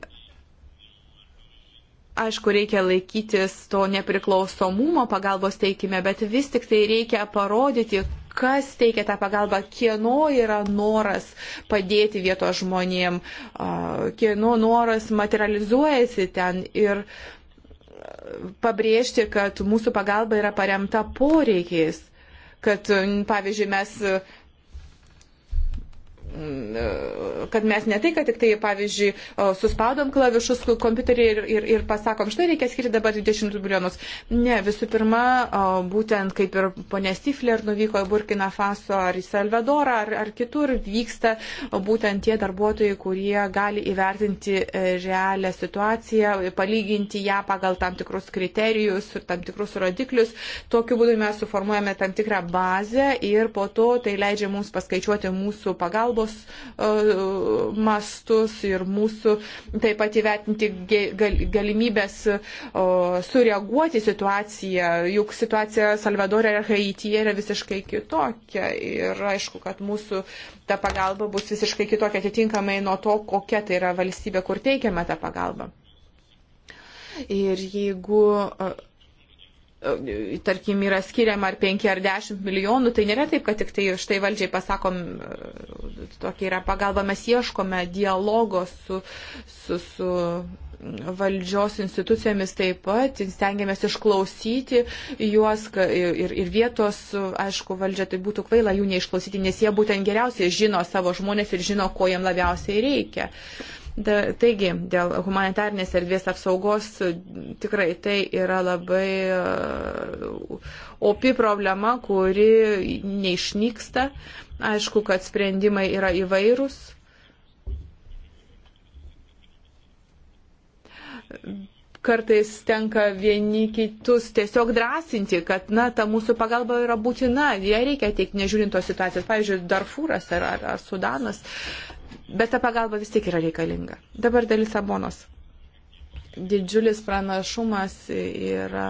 aišku, reikia laikytis to nepriklausomumo pagalbos teikime, bet vis tik tai reikia parodyti, kas teikia tą pagalbą, kieno yra noras padėti vietos žmonėm, kieno noras materializuojasi ten. Ir uh, pabrėžti, kad mūsų pagalba yra paremta poreikiais kad, pavyzdžiui, mes kad mes ne tai, kad tik tai, pavyzdžiui, suspaudom klavišus kompiuterį ir, ir, ir pasakom, štai reikia skirti dabar 20 milijonus. Ne, visų pirma, būtent kaip ir ponė Stifler nuvyko į Burkina Faso ar į Salvadorą ar, ar kitur, vyksta būtent tie darbuotojai, kurie gali įvertinti e, realią situaciją, palyginti ją pagal tam tikrus kriterijus ir tam tikrus rodiklius. Tokiu būdu mes suformuojame tam tikrą bazę ir po to tai leidžia mums paskaičiuoti mūsų pagalbą pagalbos e, mastus ir mūsų taip pat įvertinti galimybės e, sureaguoti situaciją, juk situacija Salvadorė ir Haityje yra visiškai kitokia ir aišku, kad mūsų ta pagalba bus visiškai kitokia atitinkamai nuo to, kokia tai yra valstybė, kur teikiame tą pagalbą. Ir jeigu e, E, tarkim, yra skiriama ar 5 ar 10 milijonų, tai nėra taip, kad tik tai štai valdžiai pasakom, e, tokia yra pagalba, mes ieškome dialogo su, su, su valdžios institucijomis taip pat, stengiamės išklausyti juos ir, ir vietos, aišku, valdžia tai būtų kvaila jų neišklausyti, nes jie būtent geriausiai žino savo žmonės ir žino, ko jiem labiausiai reikia. Uh, Da, taigi, dėl humanitarnės erdvės apsaugos tikrai tai yra labai uh, opi problema, kuri neišnyksta. Aišku, kad sprendimai yra įvairūs. Kartais tenka vieni kitus tiesiog drąsinti, kad, na, ta mūsų pagalba yra būtina, ją reikia teikti, nežiūrint tos situacijos. Pavyzdžiui, Darfūras ar, ar, ar Sudanas. Uh, bet ta pagalba vis tiek yra reikalinga. Dabar dėl Lisabonos. Didžiulis pranašumas yra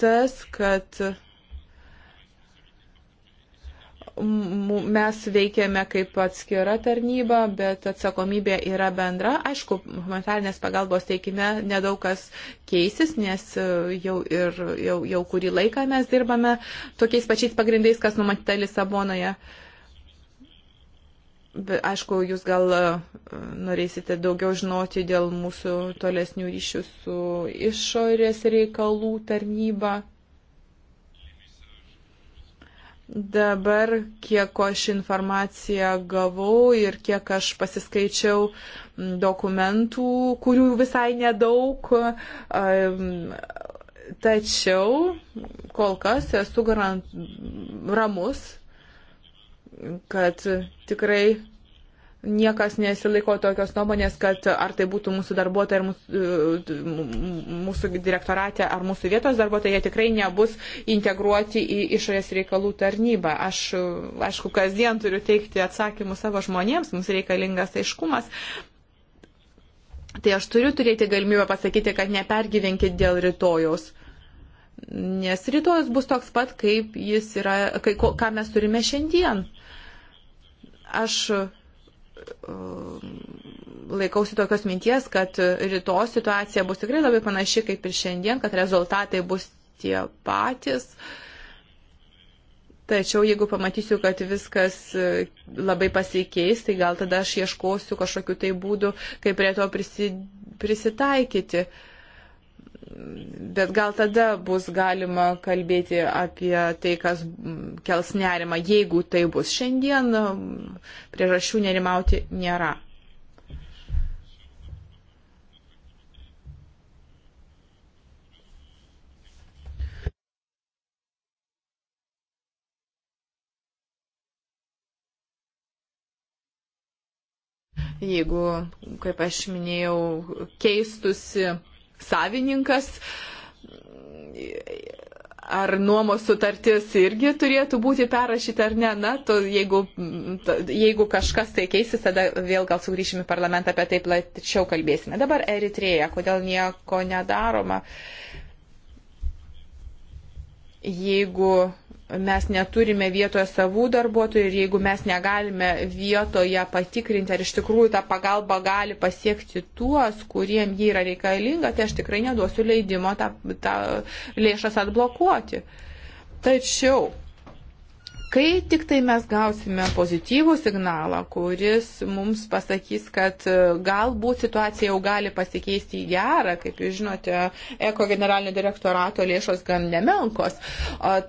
tas, kad mes veikiame kaip atskira tarnyba, bet atsakomybė yra bendra. Aišku, humanitarnės pagalbos teikime nedaug kas keisis, nes jau, ir, jau, jau kurį laiką mes dirbame tokiais pačiais pagrindais, kas numatyta Lisabonoje. Uh, Be, aišku, jūs gal e, norėsite daugiau žinoti dėl mūsų tolesnių ryšių su išorės reikalų tarnyba. Dabar, kiek aš informaciją gavau ir kiek aš pasiskaičiau dokumentų, kurių visai nedaug, tačiau kol kas esu garant ramus kad tikrai niekas nesilaiko tokios nuomonės, kad ar tai būtų mūsų darbuotojai, ar mūsų, mūsų direktorate, ar mūsų vietos darbuotojai, jie tikrai nebus integruoti į išorės reikalų tarnybą. Aš, aišku, kasdien turiu teikti atsakymus savo žmonėms, mums reikalingas aiškumas. Tai aš turiu turėti galimybę pasakyti, kad nepergyvenkit dėl rytojaus. Nes rytojus bus toks pat, kaip jis yra, kai, ką mes turime šiandien. Aš um, laikausi tokios minties, kad ryto situacija bus tikrai labai panaši kaip ir šiandien, kad rezultatai bus tie patys. Tačiau jeigu pamatysiu, kad viskas e, labai pasikeis, tai gal tada aš ieškosiu kažkokiu tai būdu, kaip prie to prisitaikyti. Uh, bet gal tada bus galima kalbėti apie tai, kas kels nerimą, jeigu tai bus. Šiandien priežasčių nerimauti nėra. Jeigu, kaip aš minėjau, keistusi savininkas. Ar nuomos sutartis irgi turėtų būti perrašyta ar ne? Na, to, jeigu, to, jeigu kažkas tai keisis, tada vėl gal sugrįšime į parlamentą, apie tai plačiau kalbėsime. Dabar Eritrėja, kodėl nieko nedaroma? Jeigu mes neturime vietoje savų darbuotojų ir jeigu mes negalime vietoje patikrinti, ar iš tikrųjų ta pagalba gali pasiekti tuos, kuriem ji yra reikalinga, tai aš tikrai neduosiu leidimo tą, tą lėšas atblokuoti. Tačiau Kai tik tai mes gausime pozityvų signalą, kuris mums pasakys, kad e, galbūt situacija jau gali pasikeisti į gerą, kaip jūs žinote, Eko generalinio direktorato lėšos gan nemenkos,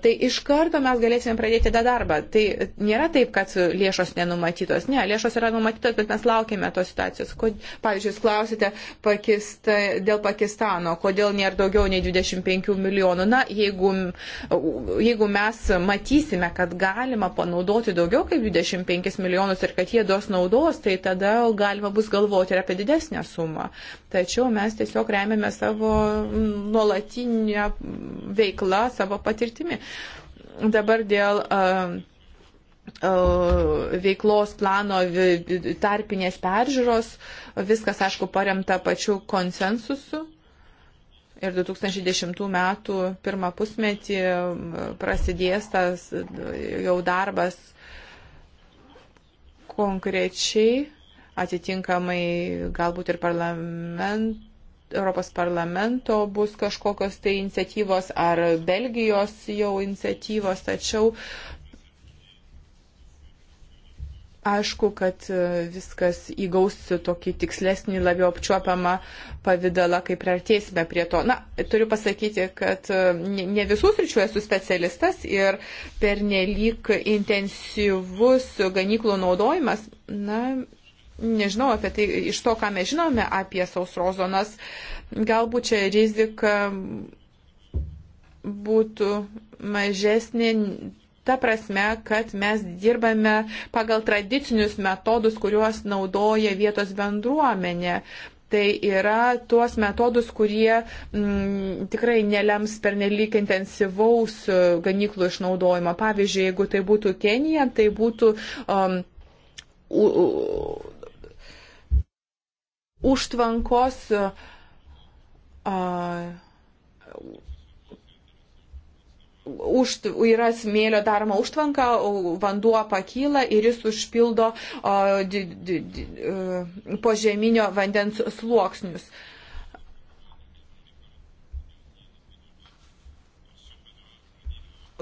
tai iš karto mes galėsime pradėti tą darbą. Tai nėra taip, kad lėšos nenumatytos. Ne, lėšos yra numatytos, bet mes laukime tos situacijos. Kod, pavyzdžiui, jūs klausite Pakista, dėl Pakistano, kodėl nėra daugiau nei 25 milijonų. Na, jeigu, jeigu mes matysime, kad galime galima panaudoti daugiau kaip 25 milijonus ir kad jie duos naudos, tai tada galima bus galvoti ir apie didesnę sumą. Tačiau mes tiesiog remiame savo nuolatinę veiklą, savo patirtimi. Dabar dėl uh, veiklos plano tarpinės peržiūros, viskas, aišku, paremta pačiu konsensusu Ir 2010 metų pirmą pusmetį prasidės tas jau darbas konkrečiai, atitinkamai galbūt ir parlament, Europos parlamento bus kažkokios tai iniciatyvos ar Belgijos jau iniciatyvos, tačiau Aišku, kad e, viskas įgaus tokį tikslesnį, labiau apčiuopiamą pavydalą, kai priartėsime prie to. Na, turiu pasakyti, kad e, ne visus ryčių esu specialistas ir pernelyg intensyvus ganyklų naudojimas, na, nežinau apie tai, iš to, ką mes žinome apie sausros zonas, galbūt čia rizika būtų mažesnė ta prasme, kad mes dirbame pagal tradicinius metodus, kuriuos naudoja vietos bendruomenė. Tai yra tuos metodus, kurie m, mm, tikrai nelems pernelyg intensyvaus e, ganyklų išnaudojimo. Pavyzdžiui, jeigu tai būtų Kenija, tai būtų. Um, u, u, užtvankos uh, už, yra smėlio daroma užtvanka, vanduo pakyla ir jis užpildo o, di, di, di, e, požeminio vandens sluoksnius.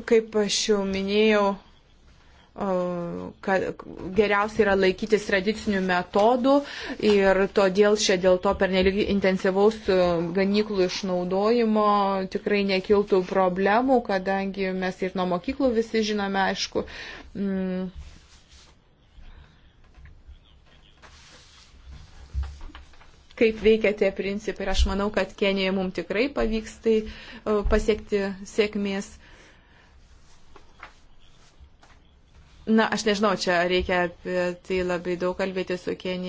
Kaip aš jau minėjau, kad geriausia yra laikytis tradicinių metodų ir todėl čia dėl to pernelyg intensyvaus ganyklų išnaudojimo tikrai nekiltų problemų, kadangi mes ir nuo mokyklų visi žinome, aišku. Mm, kaip veikia tie principai. Ir aš manau, kad Kenijoje mums tikrai pavyks tai pasiekti sėkmės. Na, aš nežinau, čia reikia apie tai labai daug kalbėti su Kenija.